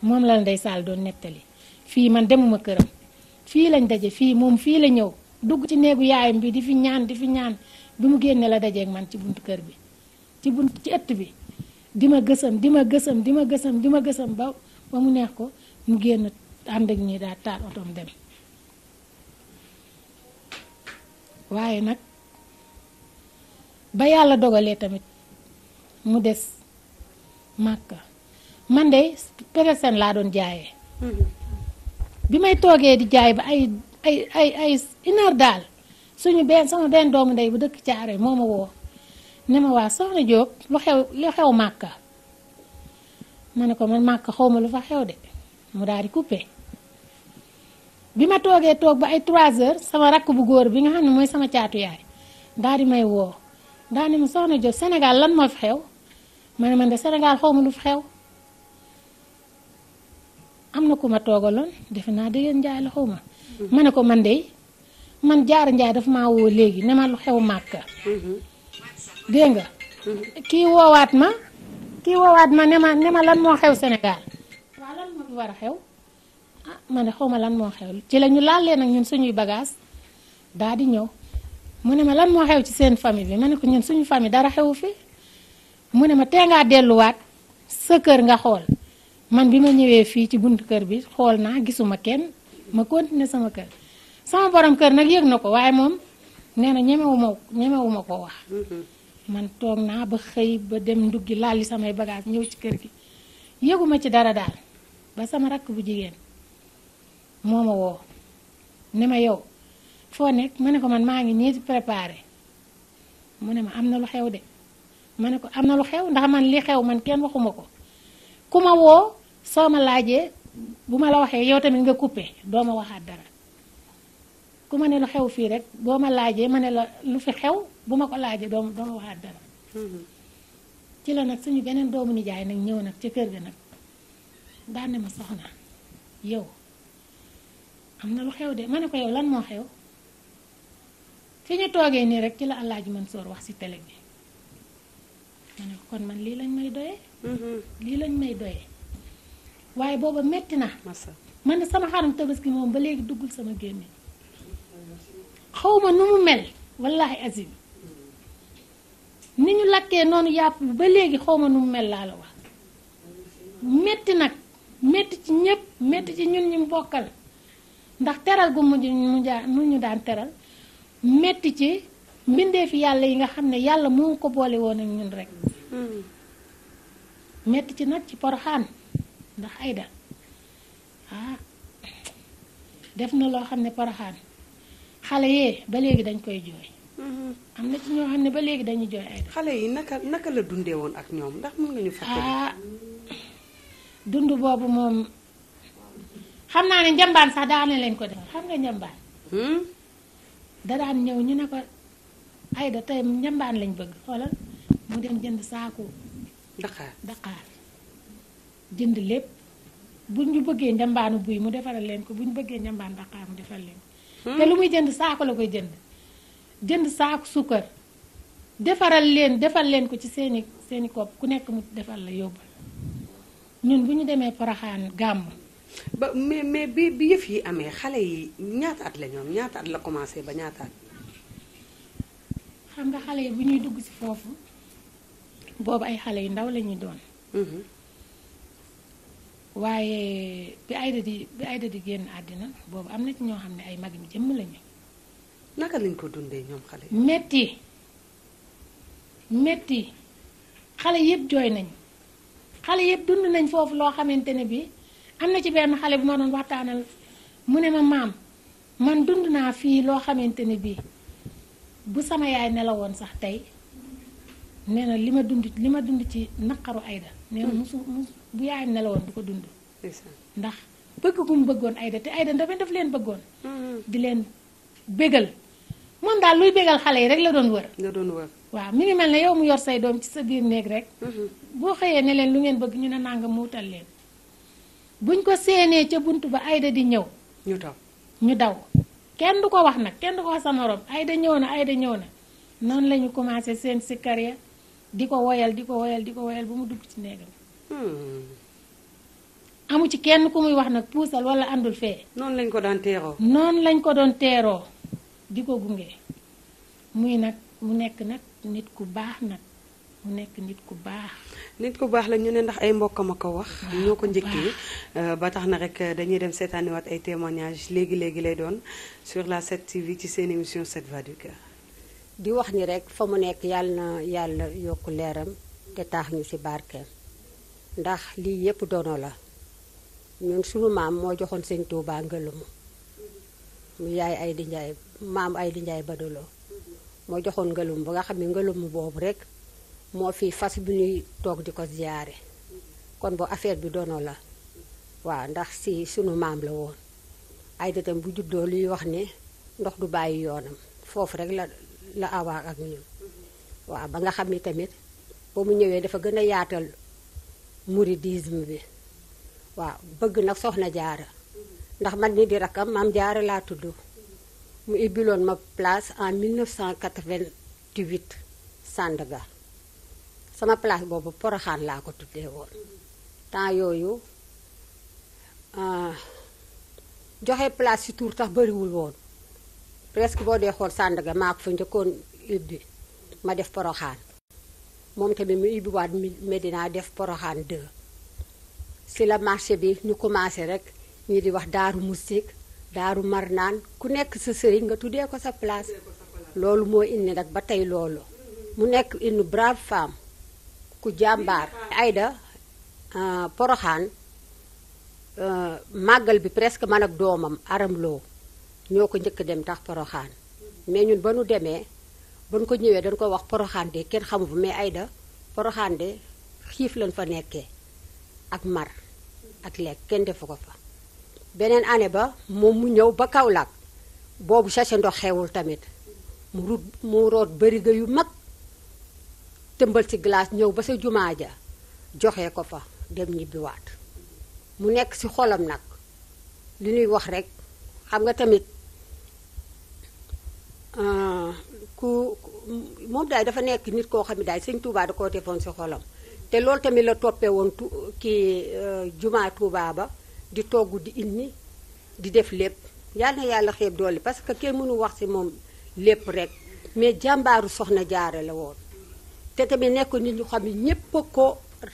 moom la Ndeye saal doon nettali fii man demuma këram fii lañ daje fii moom fii la ñëw dugg ci néegu yaayam bi di fi ñaan di fi ñaan bi mu génne la dajeeg man ci buntu kër bi ci buntu ci ëtt bi di ma gësam di ma gësam di ma gësam di ma gësam ba mu neex ko mu génn ànd ak ñi daal taal otoom dem waaye nag ba yàlla dogalee tamit mu des màkka man de pereseen laa doon jaaye mm-hmm. bi may toogee di jaay ba ay ay ay ay heure daal suñu benn sama benn doomu ndey bu dëkk caare moo ma woo ne ma waa soxna Diop lu xew lu xew màkka ma ne ko ma màkka xaw ma lu fa xew de mu daal di coupé bi ma toogee toog ba ay 3 heures sama rakk bu góor bi nga xam ne mooy sama caatu yaay daal di may woo daal ma soxna Diop Sénégal lan ma fi xew ma ne man de senegal xaw ma lu fi xew am na ku ma toogaloon defe naa dëgg njaay la xaw ma. ma ne ko man de man jaar njaay daf ma wow léegi ne ma lu xew màkk. dégg nga. kii woowaat ma kii woowaat ma ne ma lan moo xew Sénégal waaw lan moo war a xew ah, ma ne xaw ma lan moo xew ci la ñu laalee nag ñun suñuy bagage daa di ñëw mu ne ma lan moo xew ci seen famille bi ma ne ko ñun suñu famille dara xewu fi mu ne ma tee ngaa delluwaat sa kër nga xool. man bi ma ñëwee fii ci buntu kër bi xool naa gisuma kenn ma continuer sama kër sama borom kër nag yëg na ko waaye moom nee na ñemewuma ñemewuma ko wax man toog naa ba xëy ba dem nduggi laali samay bagage ñëw ci kër gi yëguma ci dara daal ba sama rakk bu jigéen moo ma woo ne ma yow foo nekk ma ne ko man maa ngi nii préparé mu ne ma am na lu xew de ma ne ko am na lu xew ndax man li xew man kenn waxuma ko ku ma woo soo ma laajee bu ma la waxee yow tamit nga kuppe doo ma waxaat dara ku ma ne lu xew fii rek boo ma laajee ma ne la lu fi xew bu ma ko laajee doo doo ma waxaat dara mm-hmm. ci la nag suñu beneen doomu nijaay nag ñëw nag ci kër gi nag daan ne ma soxna yow am na lu xew de ma ne ko yow lan moo xew fi ñu toogee nii rek ci la Alaaji Mansoor wax ci télé bi ma ne ko kon man lii lañ may doyee mm-hmm. lii lañ may doyee waaye booba metti na man de sama xarum tabaski moom ba léegi duggul sama génne xawma nu mu mel wallahi azim ni ñu lakkee noonu yàpp ba léegi xawma nu mu mel laa la wax metti nag metti ci ñépp metti ci ñun ñu bokkal ndax teral gu mujj mu jaa mu ñu daan teral metti ci mbindeefi yàlla yi nga xam ne yàlla moo ko boole woon ak ñun rek hmm. metti ci nag ci poroxaan ndax Aïda ah def na loo xam ne Porokhane xale yee ba léegi dañ koy jooy. Mm-hmm. am na ci ñoo xam ne ba léegi dañuy jooy Aïda. xale yi naka naka la dundee woon ak ñoom ndax mën nga ñu fàttali. ah dund boobu moom xam naa ne njambaan sax daan leen ko defal xam nga njambaan. Hmm? da daan ñëw ñu ne ko Aïda tey njambaan lañ bëgg xoolal mu dem jënd saaku. Dakar Dakar. jënd lépp bu ñu bëggee njambaanu buy mu defaral leen ko bu ñu bëggee njambaan daqaar mu defaral leen ko hmm. te lu muy jënd saako la koy jënd jënd saako suukar defaral leen defar leen ko ci seeni seeni kopp ku nekk mu defal la yóbbal ñun bu ñu demee Porokhane gàmm ba mais mais bi bi yëf yi amee xale yi ñaata at la ñoom ñaata at la commencé ba ñaata at xam nga xale yi bu ñuy dugg ci foofu boobu ay xale yu ndaw la ñuy doon hmm. waaye bi Aïda di bi Aïda di génn àddina boobu am na ci ñoo xam ne ay mag yi jëmm lañu. naka lañ ko dundee ñoom xale yi. metti metti xale yëpp jooy nañ xale yëpp dund nañ foofu loo xamante ne bii am na ci benn xale bu ma doon waxtaanal mu ne ma maam man dund naa fii loo xamante ne bii bu sama yaay nelawoon sax tey nee na li ma dund li ma dund ci naqaru ayda nee musu musu bu yaayam nelawoon du ko dund ndax bëgg ku mu bëggoon Aïda te Aïda ndafay daf leen bëggoon mm-hmm. di leen bégal moom daal luy bégal xale yi rek la doon wër la doon wër waaw mi ngi mel na yow mu yor say doom ci sa biir néeg rek mm-hmm. boo xëyee ne leen lu ngeen bëgg ñu ne nanga mu wutal leen buñ ko seenee ca bunt ba ayda di ñëw ñu daw ñu daw kenn du ko wax nag kenn du ko wax sa morom ayda ñëw na ayda ñëw na noonu la ñu commencé seen sikkar ya di ko woyal di ko woyal di ko woyal ba mu dugg ci néegam amu ci kenn ku muy wax nag puusal wala àndul fee. noonu lañ ko doon teeroo. noonu lañ ko doon teeroo di ko gunge muy nag mu nekk nag nit ku baax nag mu nekk nit ku baax. nit ku baax la ñu ne ndax ay mbokkam a ko wax. ñoo ko njëkkee euh, ba tax na rek euh, dañuy dem wat ay témoignages léegi léegi lay doon sur la 7 TV ci seen émission 7 voix di wax ni rek fa mu nekk yàlla na yàlla yokk leeram te taax ñu ci barkeem. ndax lii yépp dono la ñun suñu maam moo joxoon sëñ Touba ngëlëmu mu yaay ay di njaay maam ay di njaay badaloo moo joxoon ngëlum ba nga xam ne ngëlumu boobu rek moo fi fas bi ñuy toog di ko ziyaare kon bu affaire bi dono la waaw ndax si sunu maam la woon ay datam bu juddoo luy wax ni ndox du bàyyi yoonam foofu rek la la ak ñun waaw ba nga xam ni tamit ba mu ñëwee dafa gën a yaatal mouridisme bi waaw bëgg nag soxna jaara ndax man ni di rakkam am jaara laa tudd mu ibbiloon ma place en 1988 Sandaga sama place boobu poroxaan laa ko tuddee woon temps yooyu ah, joxe place ci tur tax bariwul woon presque boo dee xool Sandaga maa ko fa njëkkoon ibbi ma def poroxaan moom tamit mu ibbiwaat Medina def Porokhane 2 si la marché bi ñu commencé rek ñi di wax daaru Moustique daaru Marnaan ku nekk sa sëriñ nga tuddee ko sa place loolu moo indi nag ba tey loolu mu nekk une brave femme ku jàmbaar Aïda euh, Porokhane euh, màggal bi presque man ak doomam aram loo ñoo ko njëkk dem tax Porokhane mais ñun ba nu demee ba ko ñëwee dañ ko wax poroxaande kenn xamu fa mais Aïda poroxaande xiif lañ fa nekke ak mar ak lekk kenn defu ko fa beneen année ba moom mu ñëw ba kaw Kaolack boobu sachet ndox xewul tamit mu rut mu root bërigo yu mag tëmbal ci glace ñëw ba sa jumaa ja joxe ko fa dem ñibbiwaat mu nekk si xolam nag li nuy wax rekk xam nga tamit euh, ku moom daay dafa nekk nit koo xam ne daay sëñ Touba da koo defoon si xolam. te loolu tamit la toppee woon tu kii euh, jumaa Touba ba di togg di indi di def lépp yal na yàlla xeeb doole parce que kenn mënu wax si moom lépp rek mais jàmbaaru soxna jaara la woon. te tamit nekk nit ñu xam ne ñëpp ko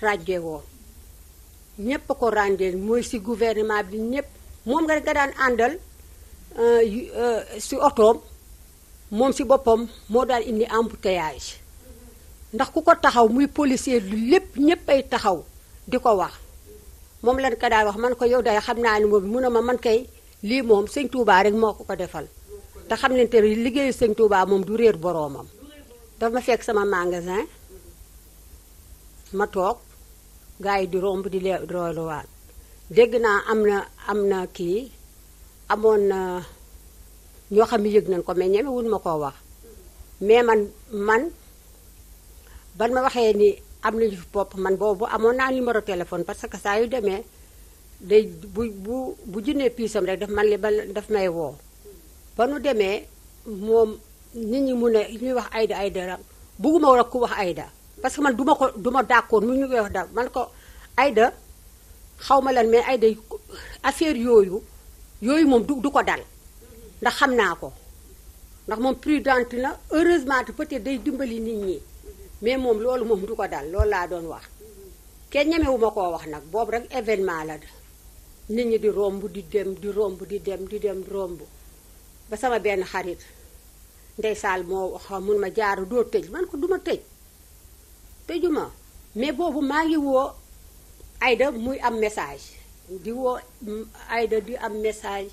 ràññee woon ñëpp ko ràññee mooy si gouvernement bi ñëpp moom nga daan àndal si euh, euh, otoom. moom si boppam moo daal indi embouteillage ndax ku ko taxaw muy policier lu lépp ñëpp ay taxaw di ko wax moom lañ ko daal wax man ko yow day xam naa ne moom mu a ma man kay lii moom sëñ Touba rek moo ko ko defal te xam leen te liggéeyu sëñ Touba moom du réer boroomam dafa ma fekk sama magasin ma toog gaa yi di romb di lee rooluwaat dégg naa am na am na kii amoon na ñoo xam ne yëg nañ ko mais ñeme wuñ ma koo wax mais man man ban ma waxee ni am nañu fi bopp man boobu amoon naa numéro téléphone parce que saa yu demee day bu bu bu jëndee piisam rek daf man li ba daf may woo ba nu demee moom nit ñi mu ne ñuy wax ayda Aïda la bugguma war a ku wax Aïda parce que man duma ko duma d'accord mu ñu koy wax da man ko Aïda xaw ma lan mais Aïda affaire yooyu yooyu moom du du ko dal ndax xam naa ko ndax moom prudente na heureusement te peut-être day dimbali nit ñi mais moom loolu moom du ko dal loolu laa doon wax kenn ñemewu ma koo wax nag boobu rek événement la nit ñi di romb di dem di romb di dem di dem romb ba sama benn xarit ndeysaal moo wax mun ma jaaru doo tëj man ko du ma tëj tëjuma mais boobu maa ngi woo Aïda muy am message di woo Aïda di am message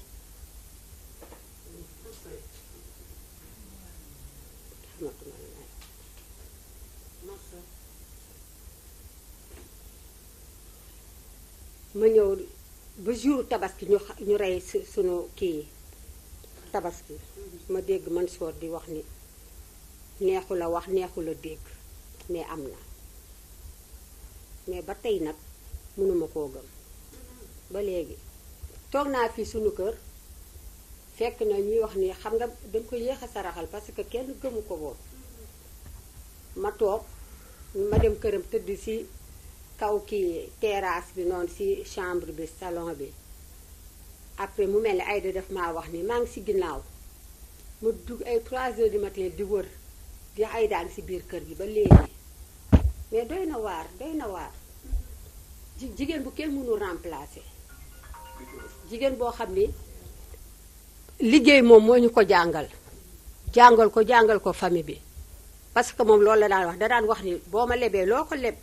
ma ñëw ba jour tabaski ñu rey rey sunu kii tabaski ma dégg man Mansour di wax ni neexula wax neexu la dégg mais am na mais ba tey nag mënuma koo gëm ba léegi toog naa fii sunu kër fekk na ñuy wax nii xam nga dañ ko yéex a saraxal parce que kenn gëmu ko woon ma toog ma dem këram tëdd si kaw kii terrasse bi noonu ci chambre bi salon bi après mu mel ni Aïda daf maa wax ni maa ngi ci ginnaaw mu dugg ay 3 heures du matin di wër di Aïda ngi ci biir kër gi ba léegi mais doy na waar doy na waar jigéen bu kenn mënu remplacer jigéen boo xam ni liggéey moom moo ñu ko jàngal jàngal ko jàngal ko famille bi parce que moom loolu la daan wax da daan wax ni boo ma lebee loo ko leb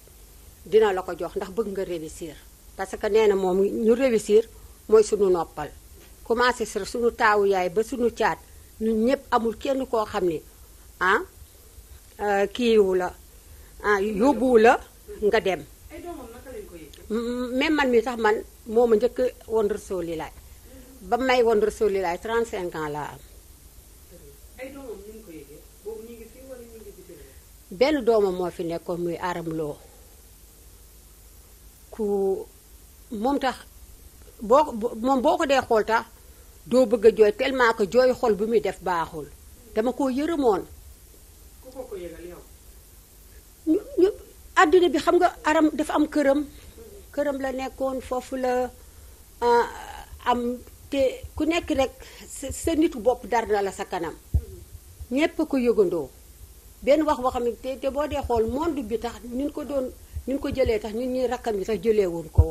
dina la ko jox ndax bëgg nga réussir parce que nee na moom ñu réussir mooy suñu noppal commencé sur suñu taawu yaay ba suñu caat ñun ñëpp amul kenn koo xam ni ah euh, kiiwu la ah la nga dem même man mi tax man moom ma njëkk woon Rasulilaay ba may woon Rasulilaay 35 ans laa am benn doomam moo fi nekkoon muy aram loo ku moom tax boo moom boo ko dee xool tax doo bëgg a jooy tellement ko jooy xol bi muy def baaxul dama koo yërëmoon. ku ñu ñu bi xam nga aram dafa am këram. këram la nekkoon foofu la ah, am te ku nekk rek sa nitu bopp dar na la sa kanam. ñépp ko yëgandoo benn wax waxam te te boo dee xool monde bi tax ñu ko doon. ñu ko jëlee tax ñun ñuy rakkam yi sax jëlee woon ko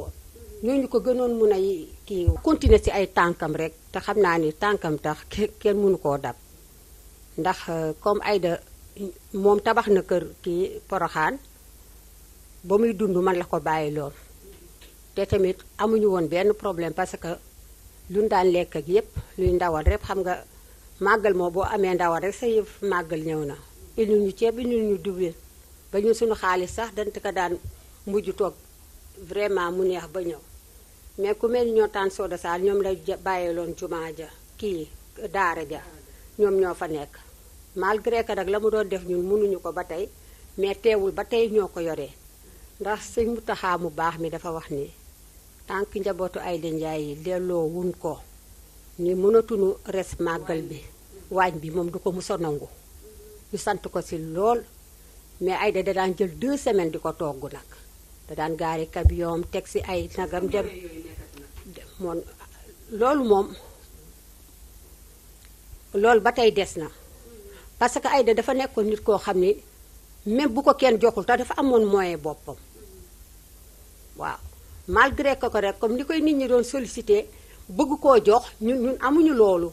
woon ñu ko gënoon mun a kii continuer ci ay tànkam rek te xam naa ni tànkam tax kenn mënu koo dab ndax euh, comme Aïda moom tabax na kër kii Poroxaan ba muy dund man la ko bàyyi lool te tamit amuñu woon benn problème parce que luñ daan lekk ak yépp luy ndawal rek xam nga màggal moo boo amee ndawal rek sa yëf màggal ñëw na indil ñu ceeb indil ñu diwlin ba ñun suñu xaalis sax dañ ko daan mujj toog vraiment mu neex ba ñëw mais ku mel ñoo soo Soda Sall ñoom la bàyyiloon jumaa ja kii daara ja ñoom ñoo fa nekk malgré que nag la mu doon def ñun mënuñu ko ba tey mais teewul ba tey ñoo ko yoree ndax sëñ Mountakha mu baax mi dafa wax ni tànk njabootu ay Ndiaye yi delloo wuñ ko ni mënatuñu res màggal bi waañ bi moom du ko mësa nangu ñu sant ko ci lool mais Aïda da daan jël deux semaines di ko togg nag da daan gaari kabiyoom teg si ay nagam dem moom loolu moom loolu ba tey des na parce que Aïda dafa nekkoon nit koo xam ni même bu ko kenn joxul te dafa amoon moyen boppam waaw malgré que ko rek comme ni koy nit ñi doon sollicité bëgg koo jox ñu ñun amuñu loolu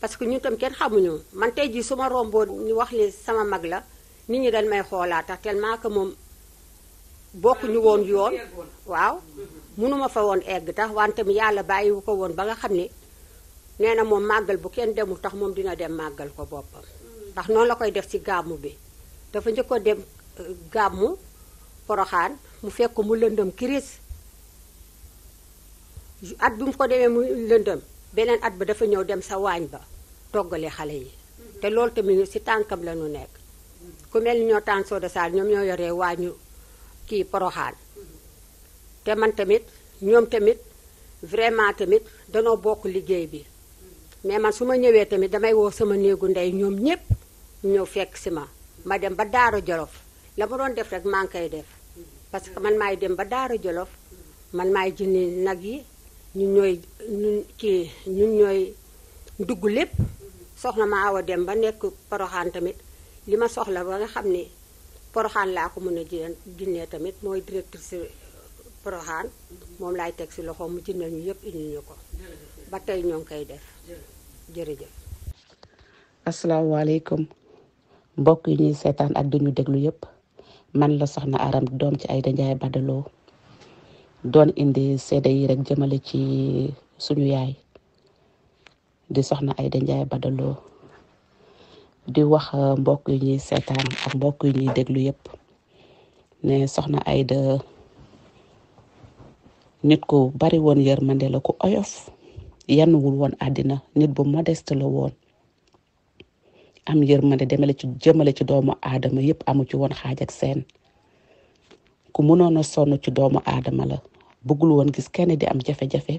parce que ñu tam kenn xamuñu man tey jii suma romboon ñu wax li sama mag la nit ñi dañ may xoolaat tax tellement moom bokkuñu woon yoon waaw mënuma fa woon egg tax wante mi yàlla bàyyiwu ko woon ba nga xam ne nee na moom màggal bu kenn demul tax moom dina dem màggal ko boppam ndax noonu la koy def ci gàmmu bi dafa njëkkoon dem euh, gàmmu poroxaan mu fekk mu lëndëm kiris at bi mu ko demee mu lëndëm beneen at ba dafa ñëw dem sa waañ ba toggalee xale yi mm-hmm. te loolu tamit ci tànkam lañu nekk ku mel ni ñoo taan sooda saal ñoom ñoo yoree waa ñu kii poroxaan te man tamit ñoom tamit vraiment tamit danoo bokk liggéey bi mais man su ma ñëwee tamit damay woo sama néegu ndey ñoom ñépp ñëw fekk si ma ma dem ba Daara Jolof la ma doon def rek maa ngi koy def parce que man maay dem ba Daara Jolof man may jëndi nag yi ñun ñooy ñun kii ñun ñooy dugg lépp soxna ma awa dem ba nekk Poroxaan tamit li ma soxla ba nga xam ne poroxaan laa ko mën a jëndee tamit mooy directrice poroxaan moom laay teg ci loxo mu jëndal ñu yëpp indi ñu ko ba tey ñoo ngi koy def jërëjëf. asalaamaaleykum mbokk yi ñuy seetaan ak duñu déglu yëpp man la soxna aram doom ci Aïda Ndiaye Badaloo doon indi seede yi rek jëmale ci suñu yaay di soxna Aïda Ndiaye Badaloo di wax euh, mbokk yi ñuy seetaan ak mbokk yi ñuy déglu yépp ne soxna Aida nit ku bari woon yërmande la ku oyof yanuwul woon àddina nit bu modeste la woon am yërmande demale ci jëmale ci doomu aadama yépp amu ci woon xaaj ak seen ku mënoon a sonn ci doomu aadama la bëggul woon gis kenn di am jafe-jafe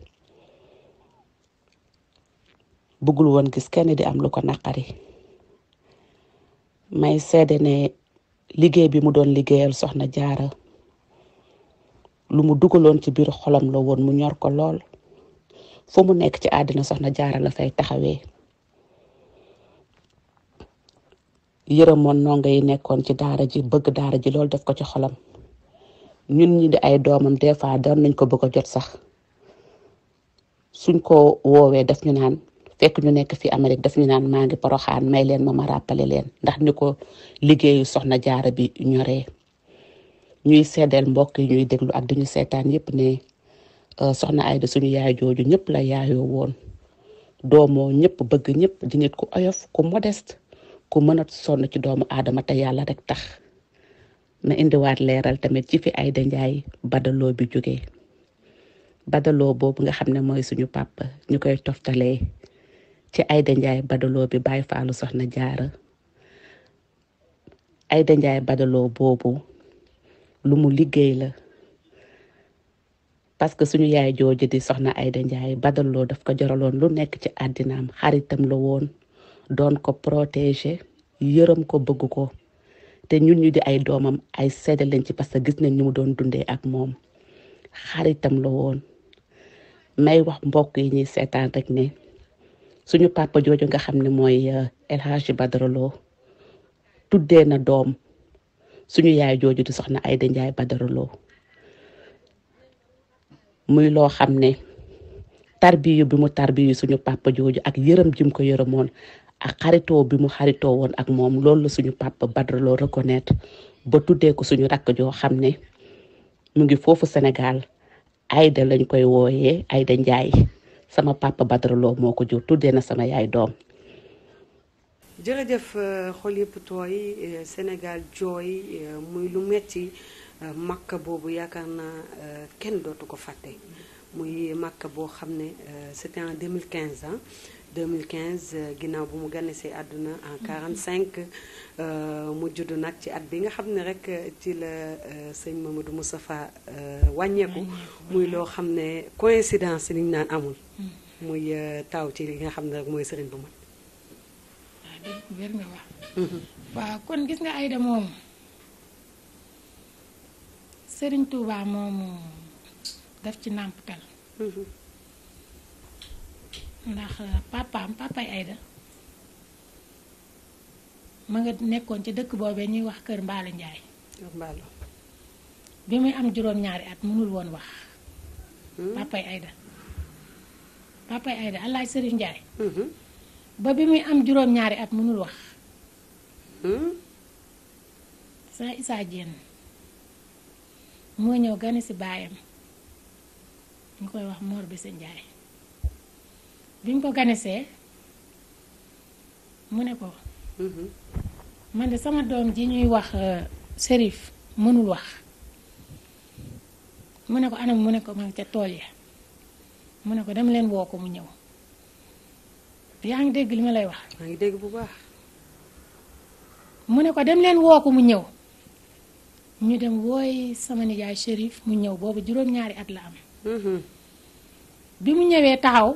bëggul woon gis kenn di am lu ko naqari may seede ne liggéey bi mu doon liggéeyal soxna jaara lu mu duggaloon ci biir xolam la woon mu ñor ko lool fu mu nekk ci àddina soxna jaara la fay taxawee moon ndongo yi nekkoon ci daara ji bëgg daara ji loolu def ko ci xolam ñun ñi di ay doomam des fois doon nañ ko bëgg a jot sax suñ ko woowee daf ñu naan fekk ñu nekk fi Amérique daf ñu naan maa ngi poroxaan may leen ma ma rappelé leen ndax ni ko liggéeyu soxna jaara bi ñoree ñuy seddeel mbokk yi ñuy déglu ak di ñu seetaan yëpp ne euh, soxna Aida suñu yaay jooju ñëpp la yaayoo woon doomo ñëpp bëgg ñëpp di nit ku oyof ku modeste ku mën a sonn ci doomu aadama te yàlla rek tax ma indiwaat leeral tamit ci fi Aida Ndiaye badaloo bi jóge badalo boobu nga xam ne mooy suñu papa ñu koy toftale ci Ayda Njaay badaloo bi Baay Faalu Soxna Jaara Ayda Njaay badaloo boobu lu mu liggéey la parce que suñu yaay jooju di soxna Ayda Njaay badaloo daf ko jaraloon lu nekk ci àddinaam xaritam la woon doon ko protéger yërëm ko bëgg ko te ñun ñu di ay doomam ay seede lañ ci parce que gis nañ ñu mu doon dundee ak moom xaritam la woon may wax mbokk yi ñuy seetaan rek ne suñu papa jooju nga xam ne mooy euh, El Hadj Badara na doom suñu yaay jooju di soxna Aïda Ndiaye Badara Lo muy loo xam ne tarbiyu bi tarbi tarbiyu suñu papa jooju ak yërëm jim ko yërëmoon ak xarito bi mu xaritoo woon ak moom loolu la suñu papa Badara Lo reconnaître ba tuddee ko suñu rakk joo xam ne mu ngi foofu Sénégal Aïda lañ koy wooyee Aïda Ndiaye sama papa Badara moo ko jur tuddee na sama yaay doom. jërëjëf euh, xol yëpp tooy euh, Sénégal jooy euh, muy lu metti makka boobu yaakaar naa kenn dootu ko fàtte muy makka boo xam ne c'était en 2015 ah 2015 ginnaaw bu mu gane si àdduna en quarante 45 mu judd nag ci at bi nga xam ne rek ci la sëñ Mamadou Moustapha wàññeeku muy loo xam ne coïncidence liñ naan amul muy euh, taw ci li nga xam na rek mooy sëriñ bu mag. waaw ah, dégg wér nga wax. Mhm. waaw kon gis nga Aida moomu sëriñ Touba moomu daf ci nàmpatal. Mhm. ndax euh, papaam papay Aida ma nga nekkoon ca dëkk boobee ñuy wax kër Mbaalo Njaay bi muy am juróom-ñaari at mënul woon wax. Mhm. papay Aida. papay Aïda Alaaji Sëriñ Njaay mhm. ba bi muy am juróom-ñaari at mënul wax hmm? saa isaa jenn moo ñëw gane si baayam ñu koy wax moor Bese Njaay bi ñu ko ganesee mu ne ko mhm. man de sama doom ji ñuy wax euh, Sérif mënul wax mu ne ko anam mu ne ko man ca tool ya mu ne ko dem leen woo ko mu ñëw yaa ngi dégg li ma lay wax. maa ngi dégg bu baax. mu ne ko dem leen woo ko mu ñëw ñu dem wooy sama nijaay Chérif mu ñëw boobu juróom-ñaari at la am. Mm-hmm. bi mu ñëwee taxaw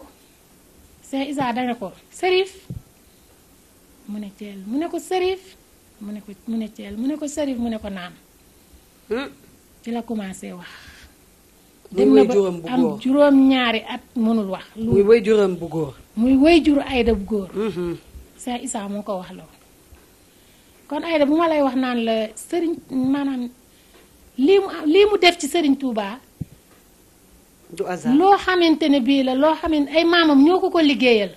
Cheikh Issa dana ko Chérif mu ne Thiel mu ne ko Chérif mu ne ko mu ne Thiel mu ne ko Chérif mu ne ko naan mm. ci la commencé wax. dem na ba am juróom ñaari at mënul wax. muy wéy juróom bu góor. muy wéy juru ayda bu góor. Mm-hmm. Cheikh Issa moo ko wax loolu. kon ayda bu ma lay wax naan la sëriñ maanaam lii mu lii mu def ci sëriñ tuubaa du loo xamante ne bii la loo xamante ay maamam ñoo ko ko liggéeyal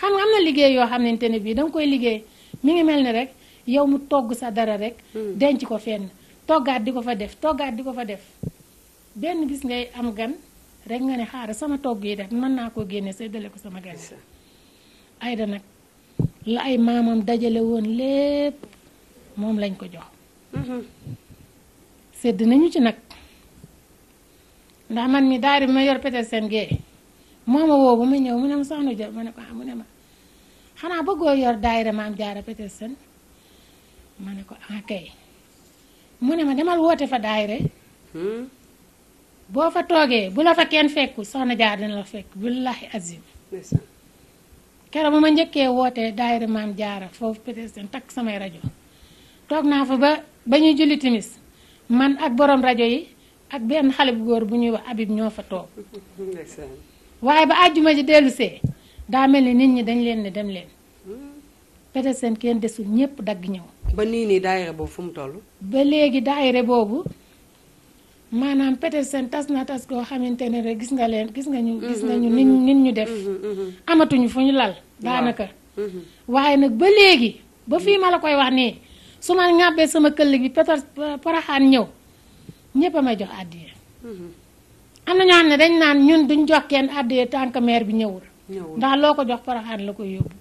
xam nga am na liggéey yoo xamante ne bii da koy liggéey mi ngi mel ni rek yow mu togg sa dara rek. Mm. denc ko fenn toggaat di ko fa def toggaat di ko fa def. benn bis ngay am gan rek nga ne xaaral sama togg yi def mën naa koo génne séddale ko sama gan ayda nag la ay maamam dajale woon lépp moom lañ ko jox mhm. sédd nañu ci nag ndax man mi daari bi ma yor péter seen gée mooma woo ba ma ñëw mu ne ma soxna jël ma ne ko ah, mu ne ma xanaa bëggoo yor daayira maam jaara Petersen ma ne ko ah kay mu ne ma demal woote fa daayira hmm? boo fa toogee bu la fa kenn fekku soxna jaar dina la fekk billahi azim keroog ba ma njëkkee wootee daayira maam jaara foofu peut-être takk samay rajo toog naa fa ba ba ñuy julli timis man ak borom rajo yi ak benn xale bu góor bu ñuy wax Habib ñoo fa toog waaye ba àjjuma ji dellusee daa mel ni nit ñi dañ leen ne dem leen peut-être kenn desul ñëpp dagg ñëw ba nii nii boobu fu mu toll ba léegi daayira boobu maanaam seen tas na tas koo xamante ne rek gis nga leen gis nga ñu. Mm-hmm, gis nga ñu mm-hmm. nit ñu def. Mm-hmm, amatuñu fu ñu lal. daanaka. waaye nag ba léegi ba fii ma la koy wax nii su ma ñàbbee sama këllëg bi Peter Porokhane ñëw ñëpp a may jox àddiya. am na ñoo xam ne dañ naan ñun duñ jox kenn àddiya tant que bi ñëwul. ndax loo ko jox Porokhane la koy yóbbu.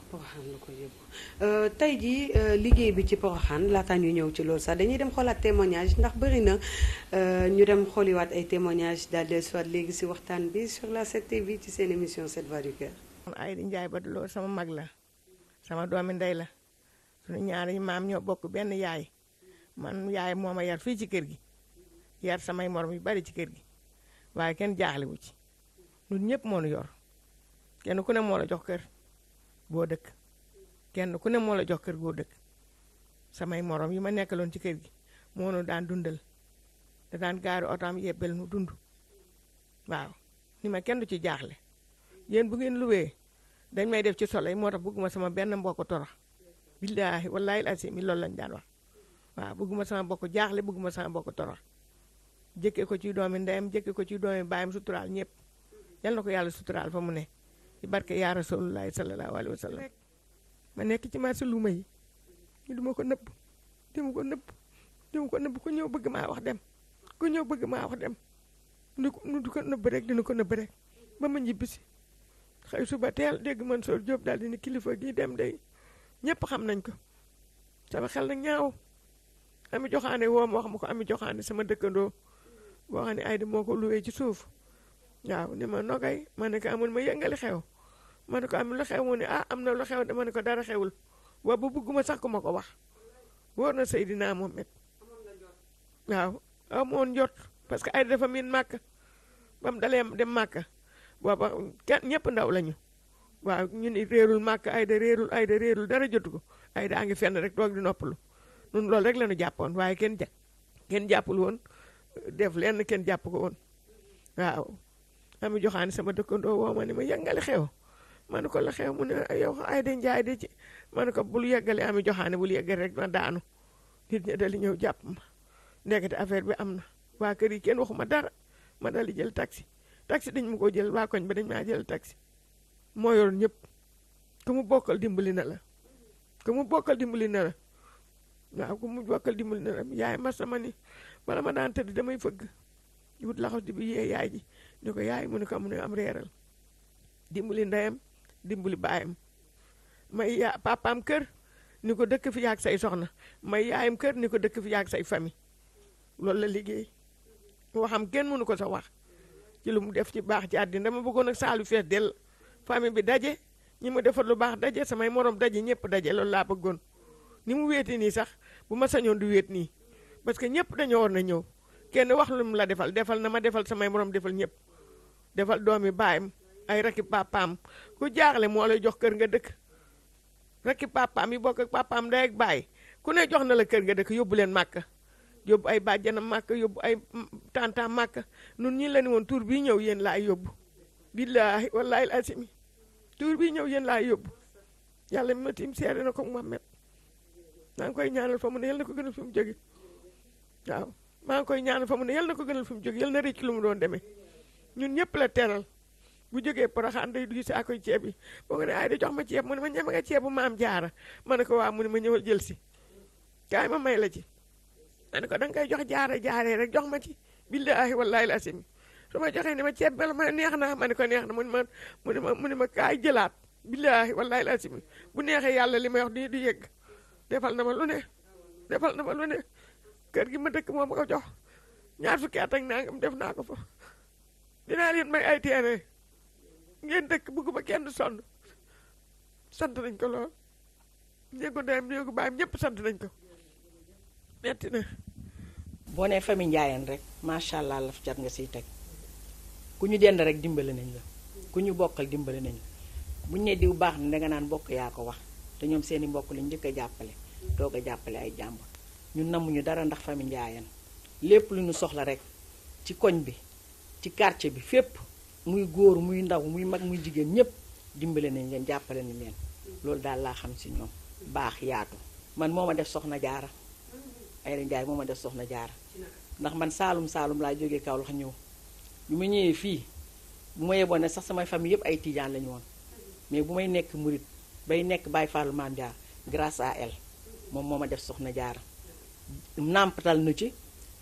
Euh, tey jii euh, liggéey bi ci Porokhane laataa ñuy ñëw ci loolu sax dañuy dem xolaat témoignage ndax bëri na euh, ñu dem xooliwaat ay témoignage daal de soit léegi si waxtaan bi sur la set tv ci seen émission 7 voix du cœur. ay di Njaay ba loolu sama mag la sama doomi ndey la suñu ñaari maam ñoo bokk benn yaay man yaay moo ma yar fii ci kër gi yar samay morom yu bari ci kër gi waaye kenn jaaxlewu ci ñun ñëpp moo yor kenn ku ne moo la jox kër boo dëkk. kenn ku ne moo la jox kër goo dëkk samay moroom yi ma nekkaloon ci kër gi moo nu daan dundal da daan gaari otaam yebbel nu dund waaw ni ma kenn du ci jaaxle yéen bu ngeen luwee dañ may def ci soleil moo tax bëgguma sama benn mbokk torox billaahi wallaahi asim mi loolu lañ daan waa waaw bëgguma sama bokk jaaxle bëgguma sama mbokk torox jëkkee ko ci doomi ndeyam jëkkee ko ci doomi baayam suturaal ñëpp yal na ko yàlla suturaal fa mu ne ci barke yaa rasulullaahi sallallaahu alayhi ma nekk ci marché luuma yi ñu duma ko nëbb dama ko nëbb dama ko nëbb ku ñëw bëgg maa wax dem ku ñëw bëgg maa wax dem nu nu du ko nëbb rek dina ko nëbb rek ba ma ñibbisi xëy suba teel dégg man soor Jóob daal di ni kilifa gi dem day ñëpp xam nañ ko sama xel na ñaaw ami joxaane woo ma wax ko ami joxaane sama dëkkandoo boo xam ne Ayda moo ko luwee ci suuf waaw ni ma nogay ma ne ko ma yëngali xew ma ne ko am lu xew mu ne ah am na lu xew de ma ne ko dara xewul waaw bu bëgguma sax ku ma ko wax wóor na Seydina Mohamed waaw amoon jot parce que ay dafa miin màkk ba dalee dem màkk booba kenn ñëpp ndaw lañu waaw ñu ni réerul màkk ay da réerul ay dara jotu ko ay da fenn rek toog di noppalu nun loolu rek la ñu jàppoon waaye kenn ja kenn jàppul woon def lenn kenn jàpp ko woon waaw ami joxaani sama dëkkandoo woo ma ne ma yëngali xew ma ne ko la xew mu ne yow ay de njaay de ci ma ne ko bul yeggale ami joxaane bul yeggale rek ma daanu nit ñi dali ñëw jàpp ma nekkati affaire bi am na waa kër yi kenn waxuma dara ma dali ma ko jël jël taxi moo yoroon ñëpp ku mu bokkal dimbali dimbali na la waaw ku mu dimbali na ma sama ma daan tëdd damay fëgg wut laxas di bi yee yaay ji ni ko yaay mu ne ko am reeral dimbali ndeyam dimbali baayam may yaa papaam kër ni ko dëkk fi yaag say soxna may yaayam kër ni ko dëkk fi yaag say famille loolu la liggéey waxam kenn mënu ko sa wax ci lu mu def ci baax ci àddina dama bëggoon ak saalu fees dell famille bi daje ñi ma defal lu baax daje samay morom daje ñëpp daje loolu laa bëggoon ni mu wéeti nii sax bu ma sañoon du wéet nii parce que ñëpp dañoo war na ñëw kenn wax lu mu la defal defal na ma defal samay moroom defal ñëpp defal doomi baayam ay rakki papaam ku jaaxle moo lay jox kër nga dëkk rakki papaam yi bokk ak papaam day ak bàyyi ku ne jox na la kër nga dëkk yóbbu leen màkk yóbbu ay bàjjanam màkk yóbbu ay tantam màkk nun ñi la ni woon tuur bii ñëw la ay yóbbu billaahi wallaahi asimi tuur bii ñëw yéen laay yóbbu yàlla mi ma tiim seere ko Muhammad maa ngi koy ñaanal fa mu ne yal na ko gënal fi mu jóge maa ngi koy ñaanal fa mu ne yàlla na ko gënal fi mu jóge yal na rëcc lu mu doon demee ñun ñëpp la teral bu jógee poroxaan day dugg si akoy ceeb yi boo ko ne ay da jox ma ceeb mu ne ma ñeme nga ceebu maam jaara ma ne ko waa mu ne ma ñëwal jël si kaay ma may la ci ma ne ko danga koy jox jaara jaaree rek jox ma ci billaahi wallaahi lasim su ma joxee ne ma ceeb bala ma neex na ma ne ko neex na mu ne ma mu ne ma mu ne ma kaay jëlaat billaahi wallaahi lasim bu neexee yàlla li ma yox du du yegg defal na ma lu ne defal na ma lu ne kër gi ma dëkk moom ko jox ñaar fukki at ak nangam def naa ko ay teere ngeen dëkk bëgguma kenn sonn sant nañ ko lool néegu ndeyam néegu baayam ñëpp sant nañ ko metti na boo ne famille njaayeen rek macha allah laf cat nga siy teg ku ñu dend rek dimbale nañ la ku ñu bokkal dimbale nañ la buñ ne diw baax na danga naan bokk yaa ko wax te ñoom seeni mbokk lu njëkk a jàppale doog a jàppale ay jàmbur ñun namuñu dara ndax famille njaayeen lépp lu ñu soxla rek ci koñ bi ci quartier bi fépp muy góor muy ndaw muy mag muy jigéen ñëpp dimbale nañ leen jàppale nañ leen loolu daal laa xam si ñoom baax yaatu man moo def soxna jaara Ayda Njaay moo ma def soxna jaara ndax man saalum saalum laa jógee Kaolack ñëw bi ma ñëwee fii bu ma ne sax samay famille yëpp ay tijaan lañu woon mais bu nekk murit bay nekk Baay Faalu Maam Jaara grâce moom moo ma def soxna jaara nàmpatal nu ci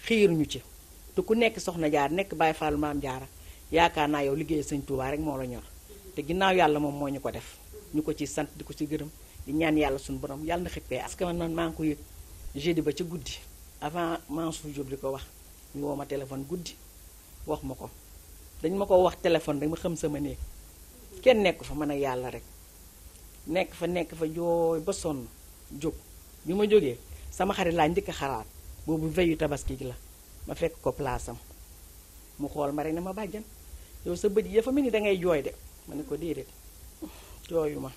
xiir ñu ci te ku nekk soxna jaar nekk Baay Faalu Maam Jaara yaakaar naa yow liggéey sëñ Touba rek moo la ñor te ginnaaw yàlla moom moo ñu ko def ñu ko ci sant di ko ci gërëm di ñaan yàlla suñu borom yàlla na xippee parce que man maa ngi ko yëg ba ca guddi avant Mansour Diop di ko wax ñu woo ma téléphone guddi wax ma ko dañ ma ko wax téléphone rek ma xam sama néeg kenn nekk fa mën a yàlla rek nekk fa nekk fa jooy ba sonn jóg bi ma jógee sama xarit laa njëkk xalaat boobu veyu tabaski la ma fekk ko place mu xool ma rek ne ma bàjjan yow sa bët yi dafa mel ni dangay jooy de ma ne ko déedéet jooyu ma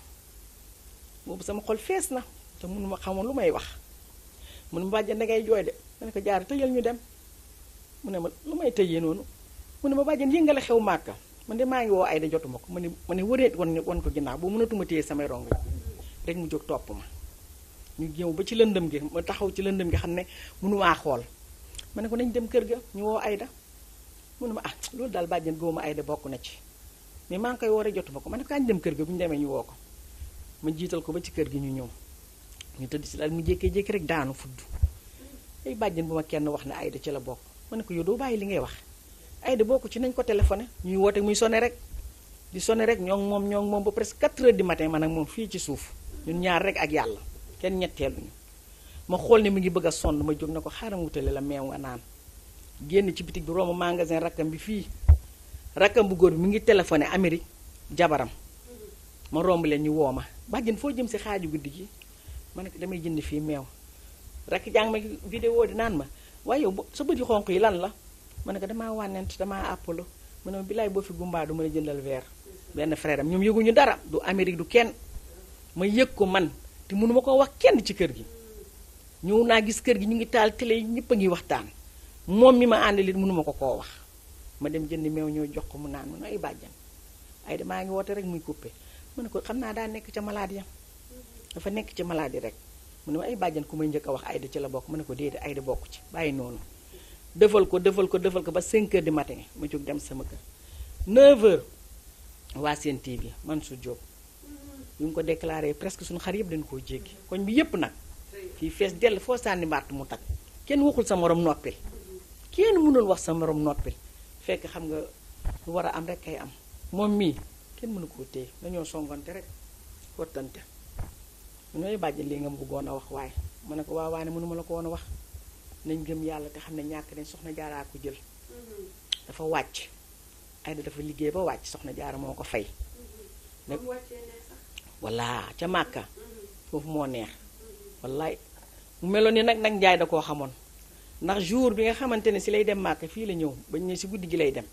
boobu sama xol fees na te mënuma xamoon lu may wax mun ma bàjjan dangay jooy de ma ne ko jaar tëjal ñu dem mu ne ma lu may tëjee noonu mu ne ma bàjjan yëngale xew màkka man de maa ngi woo ay da jotuma ko ma ne ma ne wëreet wan ko ginnaaw boo mënatuma téye samay rong rek mu jóg topp ma ñu ñëw ba ci lëndëm gi ma taxaw ci lëndëm gi xam ne mënumaa xool ma ne ko nañ dem kër ga ñu woo Ayda mu a ma ah loolu daal bàjjen góoma ayda bokk na ci mais maa ngi koy wooree jotuma ko ma ne ko ñu dem kër gi bu ñu demee ñu woo ko ma jiital ko ba ci kër gi ñu ñëw ñu tëdd si daal mu jékkee-jékki rek daanu fudd ay bàjjen bu ma kenn wax ne ay de ci la bokk ma ne ko yow doo bàyyi li ngay wax ay de bokk ci nañ ko téléphoné ñuy woote muy sonné rek di sonné rek ñoom moom ñoo moom ba presque 4 heures du matin man ak moom fii ci suuf ñun ñaar rek ak yàlla kenn ñetteeluñu ma xool ne mu ngi bëgg sonn ma jóg na ko xaaram wutale la meew nga naan génn ci bitig bi romb magasin rakkam bi fii rakkam bu góor bi mu ngi téléphoné Amérique jabaram ma romb leen ñu woo ma bàjjen foo jëm si xaaju guddi gi ma ne damay jënd fii meew rakk jàng ma vidéo di naan ma waaye sa bët yu xonq yi lan la ma ne ko damaa wànnent damaa àppalo ma ne ma bilaay boo fi gumbaa du mën a jëndal weer benn frère am ñoom yëguñu dara du Amérique du kenn ma yëg ko man te mënuma ko wax kenn ci kër gi ñëw naa gis kër gi ñu ngi taal télé ñëpp a ngi waxtaan moom mi ma ànd àndal it ma ko koo wax ma dem jënd meew ñoo jox ko mu naan man ay bàjjan ay damaa ngi woote rek muy coupé mu ne ko xam naa daa nekk ca maladie yam dafa nekk ci maladie rek mu ne ma ay bàjjan ku may njëkk a wax ayda ci la bokk mu ne ko déedéet ayda bokk ci bàyyi noonu defal ko defal ko defal ko ba 5 heures du ma jóg dem sama kër 9 waa seen TV man su jóg bi mu ko déclaré presque suñu xar yëpp dañu koo jéggi koñ bi yëpp nag fii fees dell foo sànni mbàtt mu takk kenn waxul sa morom noppil kenn mënul wax sa morom noppil fekk xam nga lu war a am rek ay am moom mii kenn mënu koo téye dañoo songante rek wattante nooy bàjj lii nga bëggoon a wax waaye ma ne ko waaw waaye mënuma la ko woon a wax nañ gëm yàlla te xam ne ñàkk nañ soxna jaaraa ko jël mm-hmm. wàcc ay dafa liggéey ba wàcc soxna jaara moo ko fay walla mm-hmm. ca màkka mm-hmm. foofu moo neex wallaay mu ni nag nag njaay da koo xamoon ndax jour bi nga xamante ne si lay dem màkk fii la ñëw bañ ne si guddi gi lay dem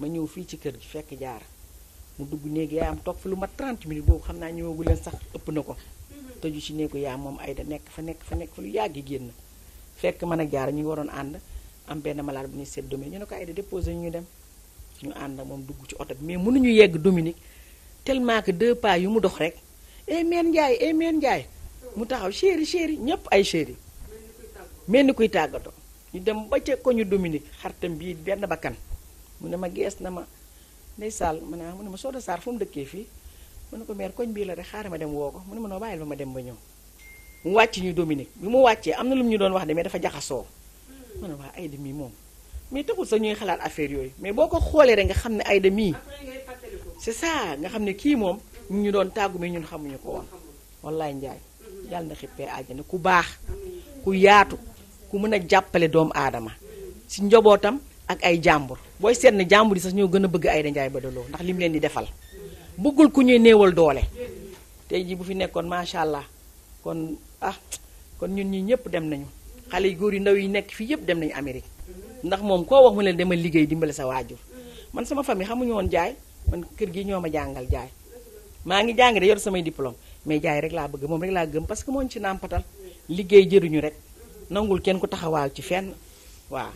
ma ñëw fii ci kër gi fekk jaar mu dugg néegi yaayam toog fi lu ma 30 minutes boobu xam naa ñëwagu leen sax ëpp na ko tëju ci néegu yaayam moom Aïda nekk fa nekk fa nekk fa lu yàgg génn fekk man ak jaar ñu ngi waroon ànd am benn malade bu ñuy seet Dominique ñu ne ko Aïda déposé ñu dem ñu ànd ak moom dugg ci oto bi mais mënuñu yegg Dominique tellement que deux pas yu mu dox rek eh meen Ndiaye eh meen Ndiaye mu taxaw chéri chéri ñëpp ay chéri mel ni kuy tàggatoo ñu dem ba ca ko ñu Dominique xaritam bii benn bakkan mu ne ma gees na ma ndey Sall mu ne ah, mu ne ma Soda saar fu mu dëkkee fii mu ne ko meer koñ bii la rek xaaral ma dem woo ko mu ne ma noo bàyyil ba ma dem ba ñëw mu wàcc ñu Dominique bi mu wàccee am na lu mu ñu doon wax de mais dafa jaxasoo mu ne waa ah, Aïda mii moom mais taxul sa ñuy xalaat affaire yooyu mais boo ko xoolee rek nga xam ne Aïda mii c'est ça nga xam ne kii moom mu ñu doon tàggu mais ñun xamuñu ko woon wallaay njaay mm-hmm. yàlla na xippee àjjana ku baax ku yaatu ku mën a jàppale doomu aadama si njobootam ak ay jàmbur booy seet ne jàmbur yi sax ñoo gën a bëgg Aïda Ndiaye Badara Lo ndax lim leen di defal bëggul ku ñuy néewal doole tey jii bu fi nekkoon macha allah kon ah kon ñun ñii ñëpp dem nañu xale yu góor yu ndaw yi nekk fii yëpp dem nañu Amérique ndax moom koo wax mu leen dama liggéey dimbale sa waajur man sama famille xamuñu woon jaay man kër gi ñoo ma jàngal jaay maa ngi jàng de yor samay diplôme mais jaay rek laa bëgg moom rek laa gëm parce que moo ñu ci nàmpatal liggéey jëruñu rek nangul kenn ko taxawaayu ci fenn waaw.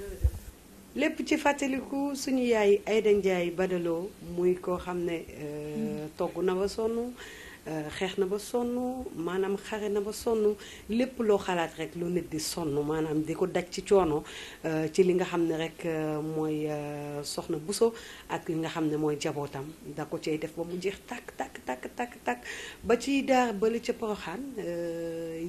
lépp ci fàttaliku suñu yaay ayda Ndiaye Badaloo muy koo xam ne euh, togg na ba sonn euh, xeex na ba sonn maanaam xare na ba sonn lépp loo xalaat rek lu nit di sonn maanaam di ko daj ci coono euh, ci li nga xam ne rek mooy soxna Buso ak li nga xam ne mooy jabootam da ko cee def ba mu jeex tàkk tàkk tàkk tàkk ba ci daar bali ca Poroxaan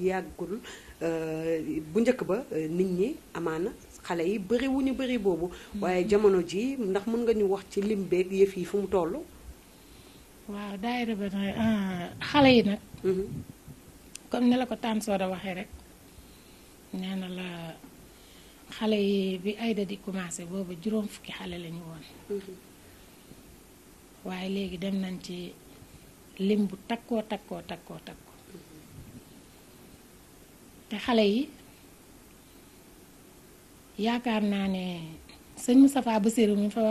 yàggul bu njëkk ba euh, nit ñi amaana xale yi bëri wu bëri boobu waaye jamono ji ndax mën nga ñu wax ci lim beeg yëf yi fu mu toll waaw daayira ba nag ah, xale yi nag mm-hmm. ni la ko taan sooda waxee rek nee na xale yi bi ayda di commencé boobu juróom fukki xale lañu woon mm-hmm. waaye léegi dem nañ ci lim bu takkoo takkoo takkoo takkoo te xale yi yaakaar naa ne sëñ Moustapha Bassirou mi fa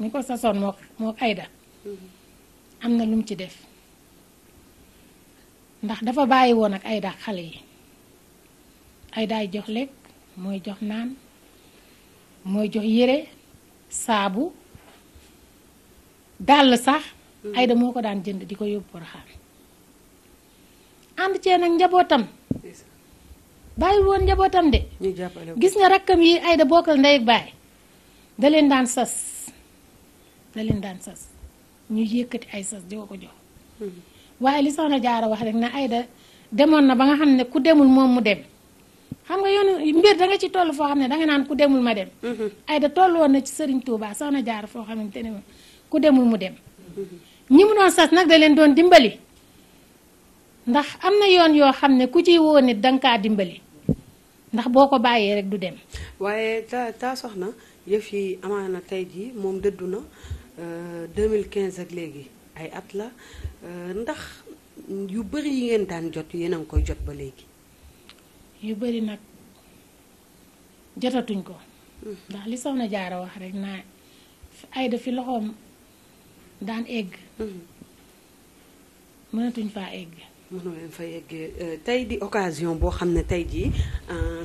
mi ko sasoon moo moo Aïda mm-hmm. am na lum ci def ndax dafa bàyyi woon ak ayda ak xale yi Aïdaay jox lekk mooy jox naan mooy jox yére saabu dàll sax mm-hmm. ayda moo ko daan jënd di ko yóbbu Porokhane ànd cee nag njabootam bàyyi woon njabootam de. gis nga rakkam yi ay da bokkal ndey ak baay da leen daan sas da leen daan sas ñu yékkati ay sas di ko ko jox. Hmm. waaye li soxna jaaro wax rek na ayda demoon na ba nga xam ne ku demul moom mu dem. xam nga yoonu da nga ci toll foo xam ne danga naan ku demul ma dem. Hmm. ay da na ci Serigne Touba soxna jaara foo xamante ne ku demul mu dem. Hmm. ñi mu doon sas nag da leen doon dimbali. ndax am na yoon yoo xam ne ku ci woo nit danga kaa dimbali ndax boo ko bàyyee rek du dem. waaye ta ta na yëf yi amaana tey jii moom dëddu na 2015 euh, ak léegi ay at la euh, ndax yu bëri yi ngeen daan jot yéen a ngi koy jot ba léegi. yu bari nag jotatuñ ko. Hmm. ndax li soxna jaara wax rek naa ay da fi loxoom daan egg. Hmm. mënatuñ faa egg. mënu leen fa yeggee euh, tey di occasion boo xam ne tey jii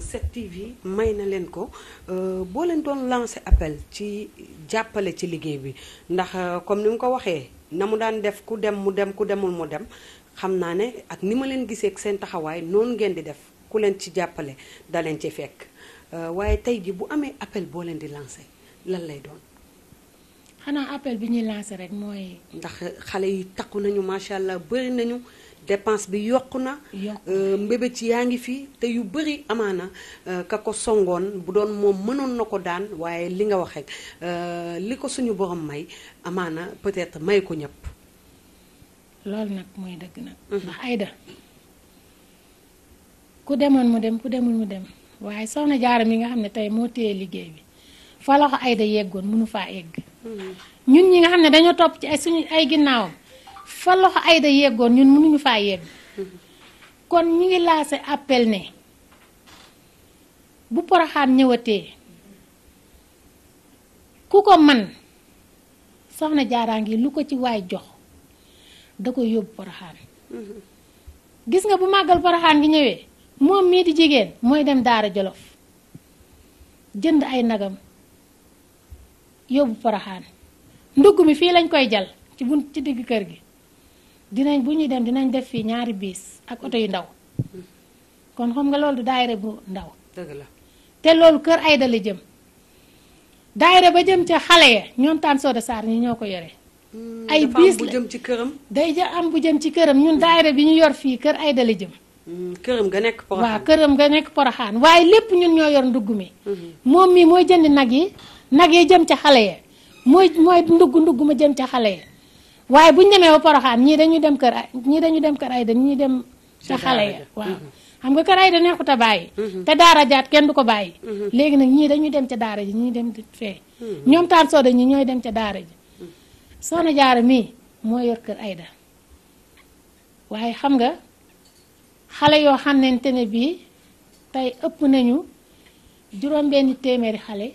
7TV euh, may na leen ko euh, boo leen doon lancer appel ci jàppale ci liggéey bi ndax comme ni mu ko waxee na mu daan def ku dem mu dem ku demul mu dem xam naa ne ak ni ma leen gisee seen taxawaay noonu ngeen di def ku leen ci jàppale da leen ci fekk waaye tey jii bu amee appel boo leen di lancer lan lay doon. xanaa appel bi ñuy lancer rek mooy. ndax xale yi takku nañu macha allah bëri nañu. dépense bi yokk na euh, mbébét ci yaa ngi fi te yu bari amaana euh, ka ko songoon bu doon moom mënoon na ko daan waaye li nga wax rek euh, li ko suñu borom may amaana peut-être may ko ñëpp loolu nag mooy dëgg nag mhm. ndax Aïda ku demoon mu dem ku demul mu dem waaye soxna Jaara mi nga xam ne tey moo téye liggéey bi fa la ko yeggoon mënu faa egg mhm. ñun ñi nga xam ne dañoo topp ci ay suñu ay ginnaaw fa loxo Aïda yeggoon ñun mënuñu faa yegg kon ñu ngi lancé appel ne bu poroxaan ñëwatee ku ko man soxna jaaraan gi lu ko ci waay jox da ko yóbbu poroxaan gis nga bu màggal poroxaan gi ñëwee moom mii di jigéen mooy dem daara jolof jënd ay nagam yóbbu poroxaan ndugg mi fii lañ koy jal ci bunt ci digg kër gi dinañ bu ñuy dem dinañ def fii ñaari biis ak oto yu ndaw kon xam nga loolu du bu ndaw. dëgg la te loolu kër Aïda la jëm dayre ba jëm ca xale ya ñoom taan Soda Sarr ñi ñoo ko yore. Hmm, ay biis la bu jëm ci këram. day ja am bu jëm ci këram ñun daayira bi ñu yor fii kër Aïda la jëm. këram ga nekk poroxaan këram nga nekk poroxaan waaye lépp ñun ñoo yor ndugg mi. Hmm. moom mii mooy jëndi nag yi nag yi jëm ca xale ya mooy mooy ndugg ndugg ma jëm ca xale ya. waaye bu ñu demee ba poroxaan ñii dañuy dem kër ñii dañuy dem kër ayda ñii dem sa xale ya waaw mm-hmm. xam nga kër ayda neexut bàyyi mm-hmm. te daara jaat kenn du ko bàyyi mm-hmm. léegi nag ñii dañuy dem ca daara ji ñii dem fee ñoom taan sooda ñi ñooy dem ca daara ji soxna jaara mii moo yor kër ayda waaye xam nga xale yoo xamante ne bii tey ëpp nañu juróom benni téeméeri xale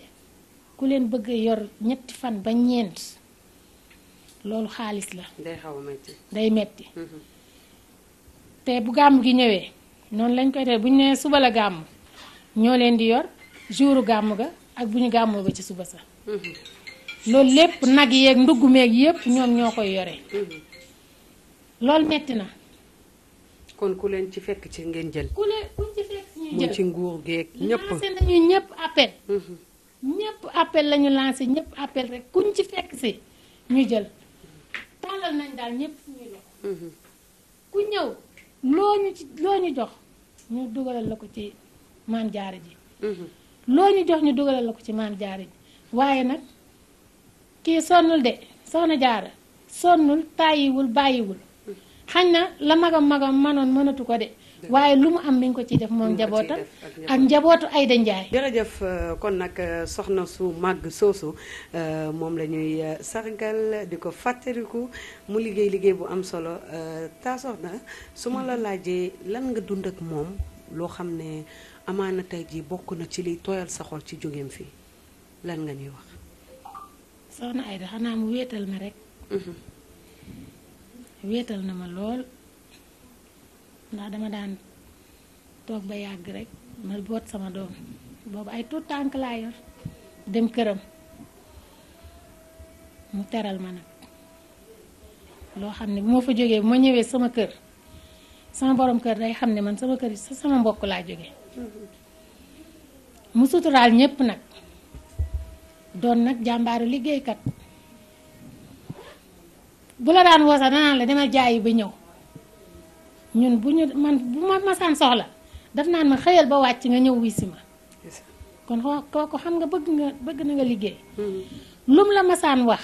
ku leen bëgg yor ñetti fan ba ñeent loolu xaalis la. day xaw a metti day metti mm-hmm. te bu gàmm gi ñëwee noonu lañ koy def bu ñu nee suba la gàmm ñoo leen di yor jouru gàmm ga ak bu ñu gàmmoo ba ci suba sax. Mm-hmm. loolu lépp nag yeeg ndugg meeg yépp ñoom ñoo koy yore. Mm-hmm. loolu metti na. kon ku leen ci fekk ci ngeen jël. ku ñu jël mu ci nguur geeg ñëpp lancé nañu ñëpp appel. ñëpp appel la ñu lancé ñëpp appel rek kuñ ci fekk si ñu jël. tàllal nañ daal ñëpp suñuy loxo mhm. ku ñëw loo ñu ci loo ñu jox ñu dugalal la ko ci maam jaara ji mhm. loo ñu jox ñu dugalal la ko ci maam jaara ji waaye nag kii sonnul de soxna jaara sonnul tàyyiwul bàyyiwul mhm. xañ na la magam magam manoon mënatu ko de waaye lu mu am mi ngi ko ci def moom njabootam ak njabootu Aïda Ndiaye jërëjëf euh, kon nag euh, soxna su màgg soosu euh, moom lañuy sargal di ko fàttaliku mu liggéey liggéey bu am solo taa soxna su ma la mm-hmm. laajee lan nga dund ak moom loo xam ne amaana tey jii bokk na ci liy tooyal sa xol ci jógeem fii lan nga ñuy wax soxna Aïda xanaa mu wéetal ma rek mm-hmm. wéetal na ma lool ndax dama daan toog ba yàgg rek ma boot sama doom boobu ay tout tànk laa yor dem këram mu teral ma nag loo xam ne bu ma fa jógee bu ma ñëwee sama kër sama boroom kër day xam ne man sama kër sa sama mbokk laa jóge mu suturaal ñépp nag doon nag jàmbaaru liggéeykat bu la daan woo sax la dama jaayi ba ñëw ñun bu ñu man bu ma masaan soxla daf naan ma xëyal ba wàcc nga ñëw wuy si ma kon kooku xam nga bëgg nga bëgg na nga liggéey mm-hmm. lum la masaan wax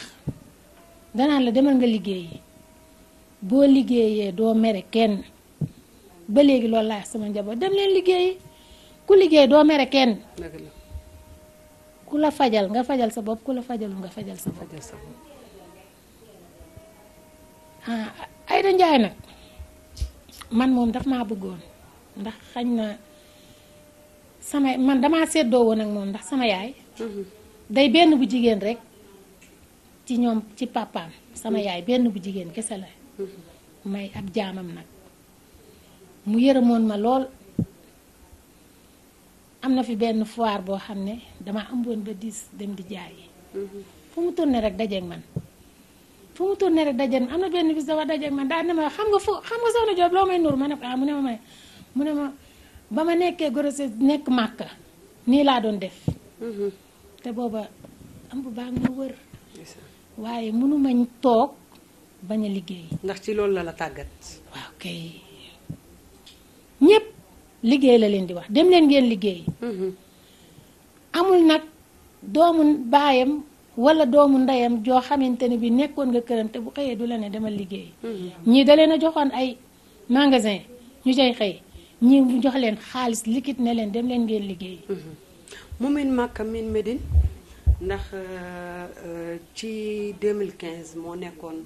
danaan la demal nga liggéey boo liggéeyee doo mere kenn ba léegi loolu laa sama njaboot dem leen liggéey ku liggéey doo mere kenn ku la fajal nga fajal sa bopp ku la fajalu nga fajal sa bopp ah Aïda Ndiaye nag man moom daf maa bëggoon ndax xañ na sama man damaa seddoo woon ak moom ndax sama yaay. Mhm. day benn bu jigéen rek ci ñoom ci papaam sama mhm. yaay benn bu jigéen kese la. Mhm. may ab jaamam nag mu yërëmoon ma lool am na fi benn foire boo xam ne dama ëmboon ba diis dem di jaayi. fu mu tourné rek dajeeg man. fu mu tourné rek daje am na benn bis dafa daje man daal ne ma xam nga fu xam nga soxna Diop loo may nur ma ne ah, mu ne ma may mu ne ma ba ma nekkee grossesse nekk màkk nii laa doon def. Mm-hmm. te booba am bu baax ma wër. waaye mënu toog bañ a liggéey. ndax ci loolu la la tàggat. waaw kay ñëpp liggéey la leen di wax dem leen ngeen liggéey. Mm-hmm. amul nag doomu baayam wala doomu ndeyam joo xamante ne bi nekkoon nga këram te bu xëyee du la ne demal liggéey mm-hmm. ñii da leen a joxoon ay magasin ñu cay xëy ñii mu jox leen xaalis liquide ne leen dem leen ngeen liggéey mm-hmm. mu miin Makka miin Médine ndax euh, euh, ci 2015 moo nekkoon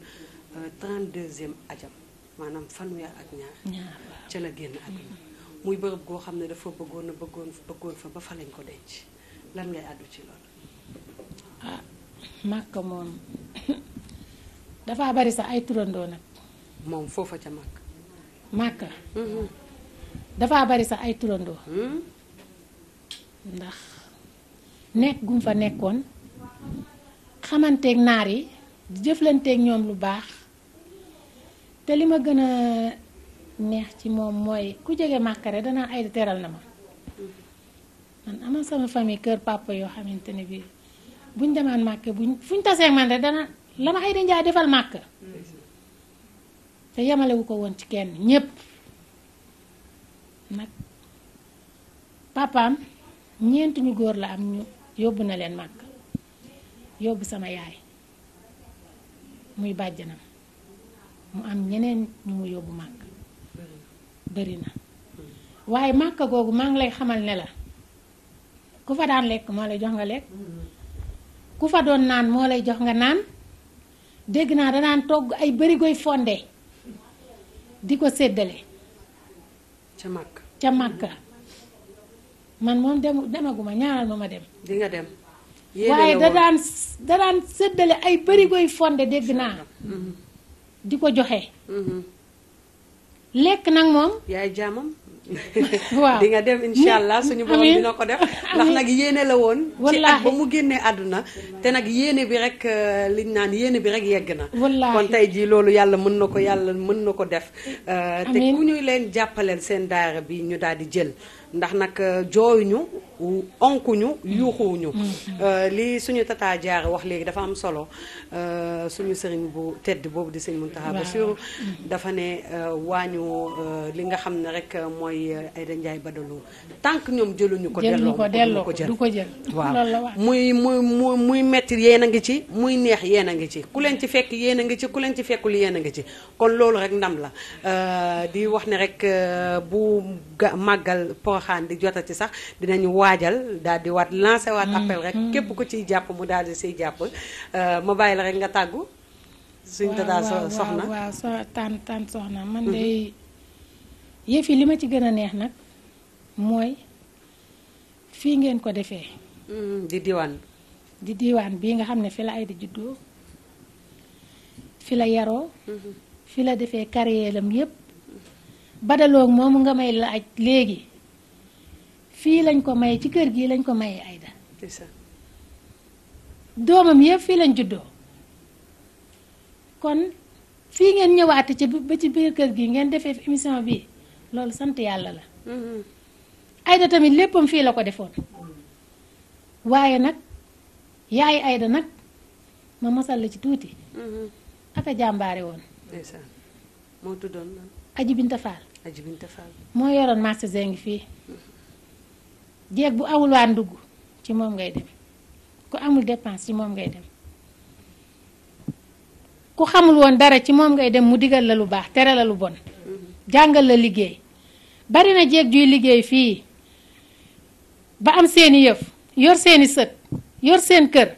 32e euh, ajam maanaam fanweer ak ñaar ca la génn àdduna mm-hmm. muy bërëb goo xam ne dafa bëggoon a bëggoon bëggoon fa ba fa lañ ko denc lan ngay àddu ci loolu ah, màkk moom dafa bari sax ay turandoo nag. moom foofa ca màkk. màkk. Mm-hmm. dafa bari sax ay turandoo. Mm-hmm. ndax nekk gum fa nekkoon xamanteeg naar yi di jëflanteeg ñoom lu baax te li ma gën a neex ci moom mooy ku jege màkkare danaa ay teral na ma mm-hmm. man amal sama famille kër papa yoo xamante ne bii. buñ demaan màkk buñ fuñ tasee man rek dana la ma xëy di njaay defal màkk te yemalewu ko woon ci kenn ñépp nag papaam ñeenti ñu góor la am ñu yóbbu na leen màkk yóbbu sama yaay muy bàjj na mu am ñeneen ñu mu yóbbu màkk bëri na waaye màkk googu maa ngi lay xamal ne la ku fa daan lekk moo lay jox nga lekk ku fa doon naan moo lay jox nga naan dégg naa danaan togg ay bërigoy fonde di ko séddale ca màkk ca màkk man moom dem demaguma ñaanal ma ma dem di dem waaye da daan da daan séddale ay bërigoy fonde dégg naa mm-hmm. di ko joxe mm-hmm. lekk nag moom yaay jaamam waaw di nga dem incha allah suñu borom dina ko def ndax nag yéene la woon ci at ba mu génnee àdduna te nag yéene bi rek euh, liñ naan yéene bi rek yegg na kon tey jii loolu yàlla mën na ko yàlla mën na ko def euh, te ku ñuy leen jàppaleel seen daara bi ñu daal di jël ndax nag euh, jooyuñu onkuñu yuuxuwuñu mm-hmm. euh, li suñu tata jaar wax léegi dafa am solo euh, suñu sëriñ bu tedd boobu di sëñ Muntaxa Basiru mm-hmm. dafa ne waañu li nga xam ne rek mooy ay Aïda Ndiaye Badalou tànk ñoom jëluñu ko delloo ko jël waaw muy muy muy muy metti yéen a ngi ci muy neex yéen a ngi ci ku leen ci fekk yéen a ngi ci ku ci fekkul yéen a ngi ci kon loolu rek ndam la di wax ne rek bu màggal poroxaan di ci sax dinañu waajal daal di waat lancé mm-hmm. waat appel rek képp ku ciy jàpp mu daal di siy jàpp euh, ma bàyyi la rek nga tàggu suñ tataa soxna waaw so taan man mm-hmm. day yëf li ma ci gën a neex nag mooy fii ngeen ko defee mm, di diwaan di diwaan bii nga xam ne fi la ay di juddoo fi la yaroo mm-hmm. fi la defee carrière yépp badaloog moomu nga may laaj léegi fii lañ ko may ci kër gi lañ ko may Aïda doomam yëpp fii lañ juddoo kon fii ngeen ñëwaate ci ba ci biir kër gi ngeen defee fi émission bi loolu sant yàlla la mm-hmm. Aïda tamit léppam fii la ko defoon waaye nag yaay Aïda nag ma masal la ci tuuti mm-hmm. aka jàmbaare woon moo tuddoon aji binta faal aji moo yoroon marché ngi fii mm-hmm. jéeg bu awul dugg ci moom ngay dem ku amul dépense ci moom ngay dem ku xamul woon dara ci moom ngay dem mu digal la lu baax tere la lu bon jàngal la liggéey bari na jéeg juy liggéey fii ba am seeni yëf yor seeni sët yor seen kër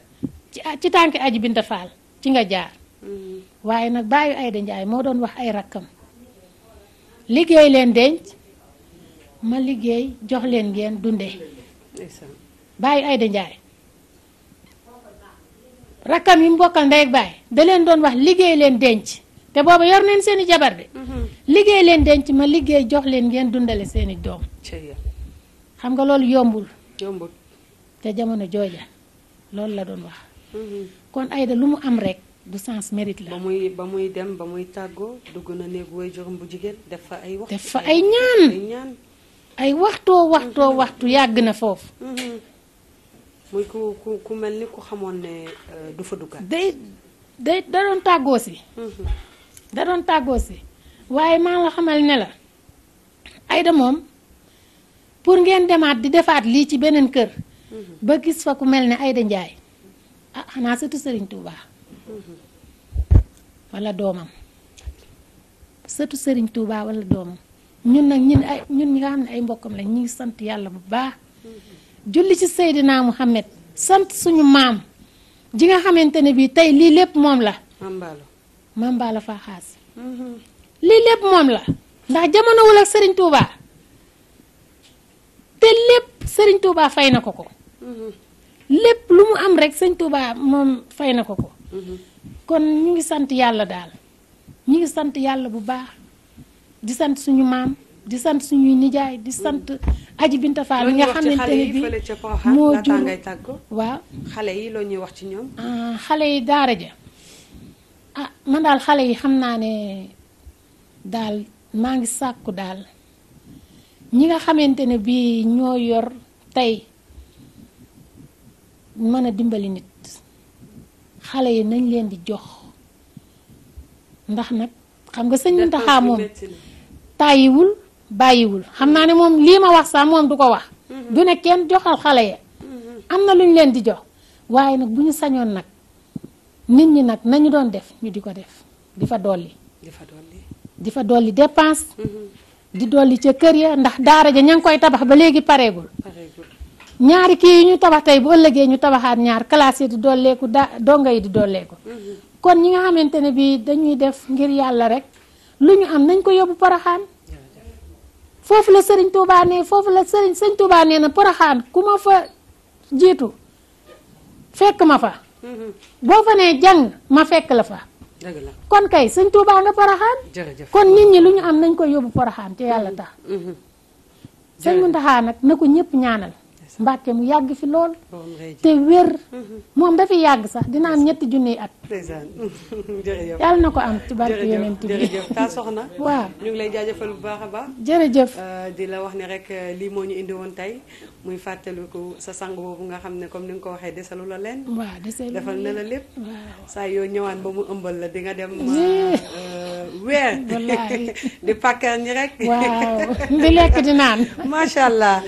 ci ci tànk aji binta faal ci nga jaar mm-hmm. waaye nag bàyyi Ayda Njaay moo doon wax ay rakkam liggéey leen denc ma liggéey jox leen ngeen dundee bàyyi Ayda Njaay rakkam yi mu bokkal ndey ak baay da leen doon wax liggéey leen denc te booba yor neen seeni jabar de mhm. liggéey leen denc ma liggéey jox leen ngeen dundale seeni doom xam nga loolu yombul yombul te jamono jooja loolu la doon wax mhm. kon Ayda lu mu am rek du sens mérite la ba ba muy dem ba muy tàggoo dugg na néeg way juróom def fa ay wax def fa ay ñaan ay waxtoo waxtoo waxtu yàgg na foofu. Mhm. muy ku ku ku mel ni ku xamoon ne euh, du fa duggaat. day day da doon tàggoo si. Mhm. da doon tàggoo si waaye maa la xamal ne la Aïda moom pour ngeen demaat di defaat lii ci beneen kër. Mhm. ba gis fa ku mel ni Aïda Ndiaye ah xanaa sëtu Serigne Touba. wala doomam sëtu sëriñ Touba wala doomam. ñun nag ñun ay ñun ñi nga xam ne ay mbokkam lañ ñu ngi sant yàlla bu baax julli ci Seydina Muhammad sant suñu maam ji nga xamante ne bii tey lii lépp moom la mambaalo faa xaas mm-hmm. lii lépp moom la ndax jamono wul ak Serigne Touba te lépp Serigne Touba fay na ko ko mm-hmm. lépp lu mu am rek sëñ Touba moom fay na ko ko mm-hmm. kon ñu ngi sant yàlla daal ñu ngi sant yàlla bu baax di sant suñu maam di sant suñuy nijaay di sant aji binta faal bi nga xamante ne bi moo jur waaw xale yi loo ñuy wax ci ñoom ah, xale yi daara ja ah man daal xale yi xam naa ne daal maa ngi sàkku daal ñi nga xamante ne bi ñoo yor tey mën a dimbali nit xale yi nañ leen di jox ndax nag xam nga sëñ Muntaxa moom tàyyiwul bàyyiwul xam naa ne moom lii ma wax sax moom du ko wax. Mm-hmm. du ne kenn joxal xale ya. Mm-hmm. am na lu ñu leen di jox waaye nag bu ñu sañoon nag nit ñi nag nañu doon def ñu di ko def di fa dolli. di fa di fa dolli dépense. Mm-hmm. di dolli ca kër ya ndax daara ja ña ngi koy tabax ba léegi pareegul. ñaari kii yi ñu tabax tey bu ëllëgee ñu tabaxaat ñaar classe di dolleeku da donga yi di dolleeku. kon ñi nga xamante ne bii dañuy def ngir yàlla rek lu ñu am nañ ko yóbbu paraxaan. foofu la sëriñ Touba ne foofu la sëriñ sëñ Touba nee na poroxaan ku ma fa jiitu fekk ma fa mhm. boo fa nee jàng ma fekk la fa kon kay sëñ Touba nga poroxaan kon nit ñi lu ñu am nañ ko yóbbu poroxaan te yàlla mhm. tax mhm. sëñ Muntaxa nag na ko ñépp ñaanal Mbàkke mu yàgg fi lool. te wér. moom dafa yàgg sax dina am ñetti yi at. jërëjëf yàlla na ko am ci barke yeneen bi jërëjëf taa soxna. waaw ñu ngi lay jaajëfal bu baax a baax. jërëjëf euh, di la wax ne rek euh, lii moo ñu indi woon tey muy fàttaliku sa sang boobu nga xam ne comme ni nga ko waxee desalu la leen. waaw desalu la defal na la lépp. saa yoo ñëwaan ba mu ëmbal la di dem. Euh, weer di pàkkar ñi rek. waaw di lekk di naan. macha allah.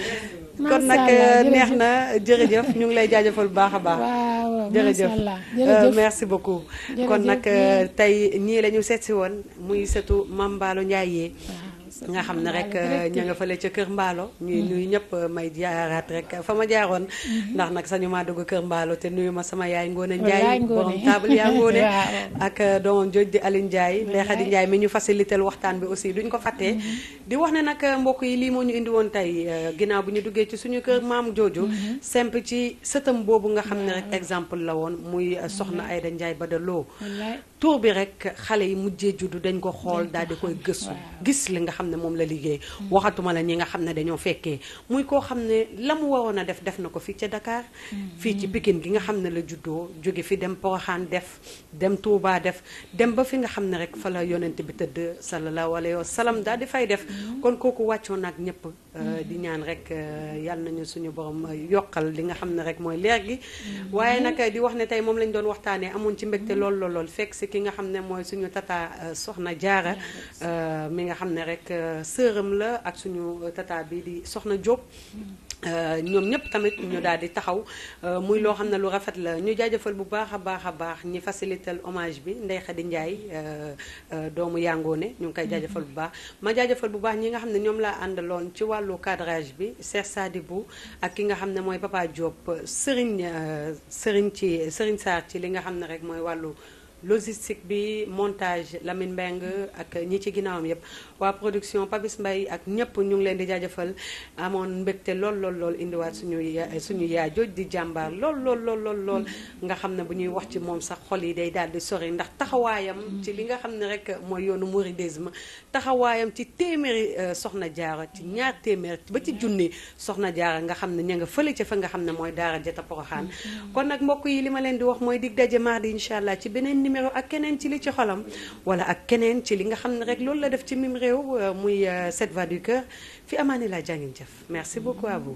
kon nag euh, neex na jërëjëf ñu ngi lay jaajëfal bu baax a baax. jërëjëf euh, merci beaucoup. kon nag euh, tey ñii la ñu seet si woon muy sëtu Mame Balla Ndiaye. nga xam ne rek euh, ña nga fële ca kër mbaalo ñuy mm-hmm. nuyu ñëpp euh, may jaaraat rek fa ma jaaroon mm-hmm. ndax nag sañu maa dugg kër mbaalo te nuyu ma sama yaay Ngoone Njaay borom table yaa Ngoone ak euh, doomam joj di Aline Njaay Ndey Xadi Njaay mi ñu facilité waxtaan bi aussi duñ ko fàttee mm-hmm. di wax ne nag mbokk yi lii moo ñu indi woon tey ginnaaw bu ñu duggee ci suñu kër maam jooju semp ci sëtam boobu nga xam ne rek exemple la woon muy soxna Ayda Njaay Bada Loo tur bi rek xale yi mujjee juddu dañ ko xool daal di koy gëstu gis ne moom la liggéey waxatuma la ñi nga xam ne dañoo fekkee muy koo xam ne la mu waroon a def def na ko fii ca Dakar mm-hmm. fii ci Pikine gi nga xam ne la juddoo jóge fi dem Porokhane def dem tuubaa def dem ba fi nga xam ne rek fa la yonent bi tëdd sallallahu alayhi wa sallam daal di fay def mhm. kon kooku wàccoon ak ñëpp euh, di ñaan rek euh, yàlla nañu suñu borom yokkal li nga xam ne rek mooy leer gi mhm. waaye nag di wax ne tey moom lañ doon waxtaanee amoon ci mbégte lool lool lool fekk si ki nga xam ne mooy suñu tataa euh, soxna jaara mi nga xam ne rek sërëm la ak suñu tata bi di soxna Diop mhm. Euh, ñoom ñëpp tamit ñu daal di taxaw euh, muy loo xam ne lu rafet la ñu jaajëfal bu baax a baax a baax ñi facilitel hommage bi Ndey Xadi Njaay euh, doomu ne ñu ngi koy mhm. jaajëfal bu baax ma jaajëfal bu baax ñi nga xam ne ñoom laa àndaloon ci wàllu cadrage bi Cheikh Sadibou ak ki nga xam ne mooy Papa Diop Serigne Serigne ci Serigne Sarr ci li nga xam ne rek mooy wàllu logistique bi montage Lamine Mbengue ak ñi ci ginnaawam yëpp waa production Papis mbay ak ñëpp ñu ngi leen di jaajafal amoon mbégte lool lool lool indiwaat suñu suñu yaay di jàmbaar lool lool lool nga xam ne bu ñuy wax ci moom sax xol yi day daal di sori ndax taxawaayam ci li nga xam ne rek mooy yoonu mouridisme taxawaayam ci téeméeri euh, soxna jaaro ci ñaar téeméer ba ci junni soxna jaara nga xam ne ña nga fële ca fa nga xam ne mooy daara jata poroxaan mm-hmm. kon nag mbokk yi li ma leen di wax mooy dig daje mardi incha allah ci beneen numéro ak keneen ci li ci xolam wala ak keneen ci li nga xam ne rek loolu la def ci mim réew euh, muy sept euh, voix du cœur fi amaani laa jàngin jëf merci beaucoup à vous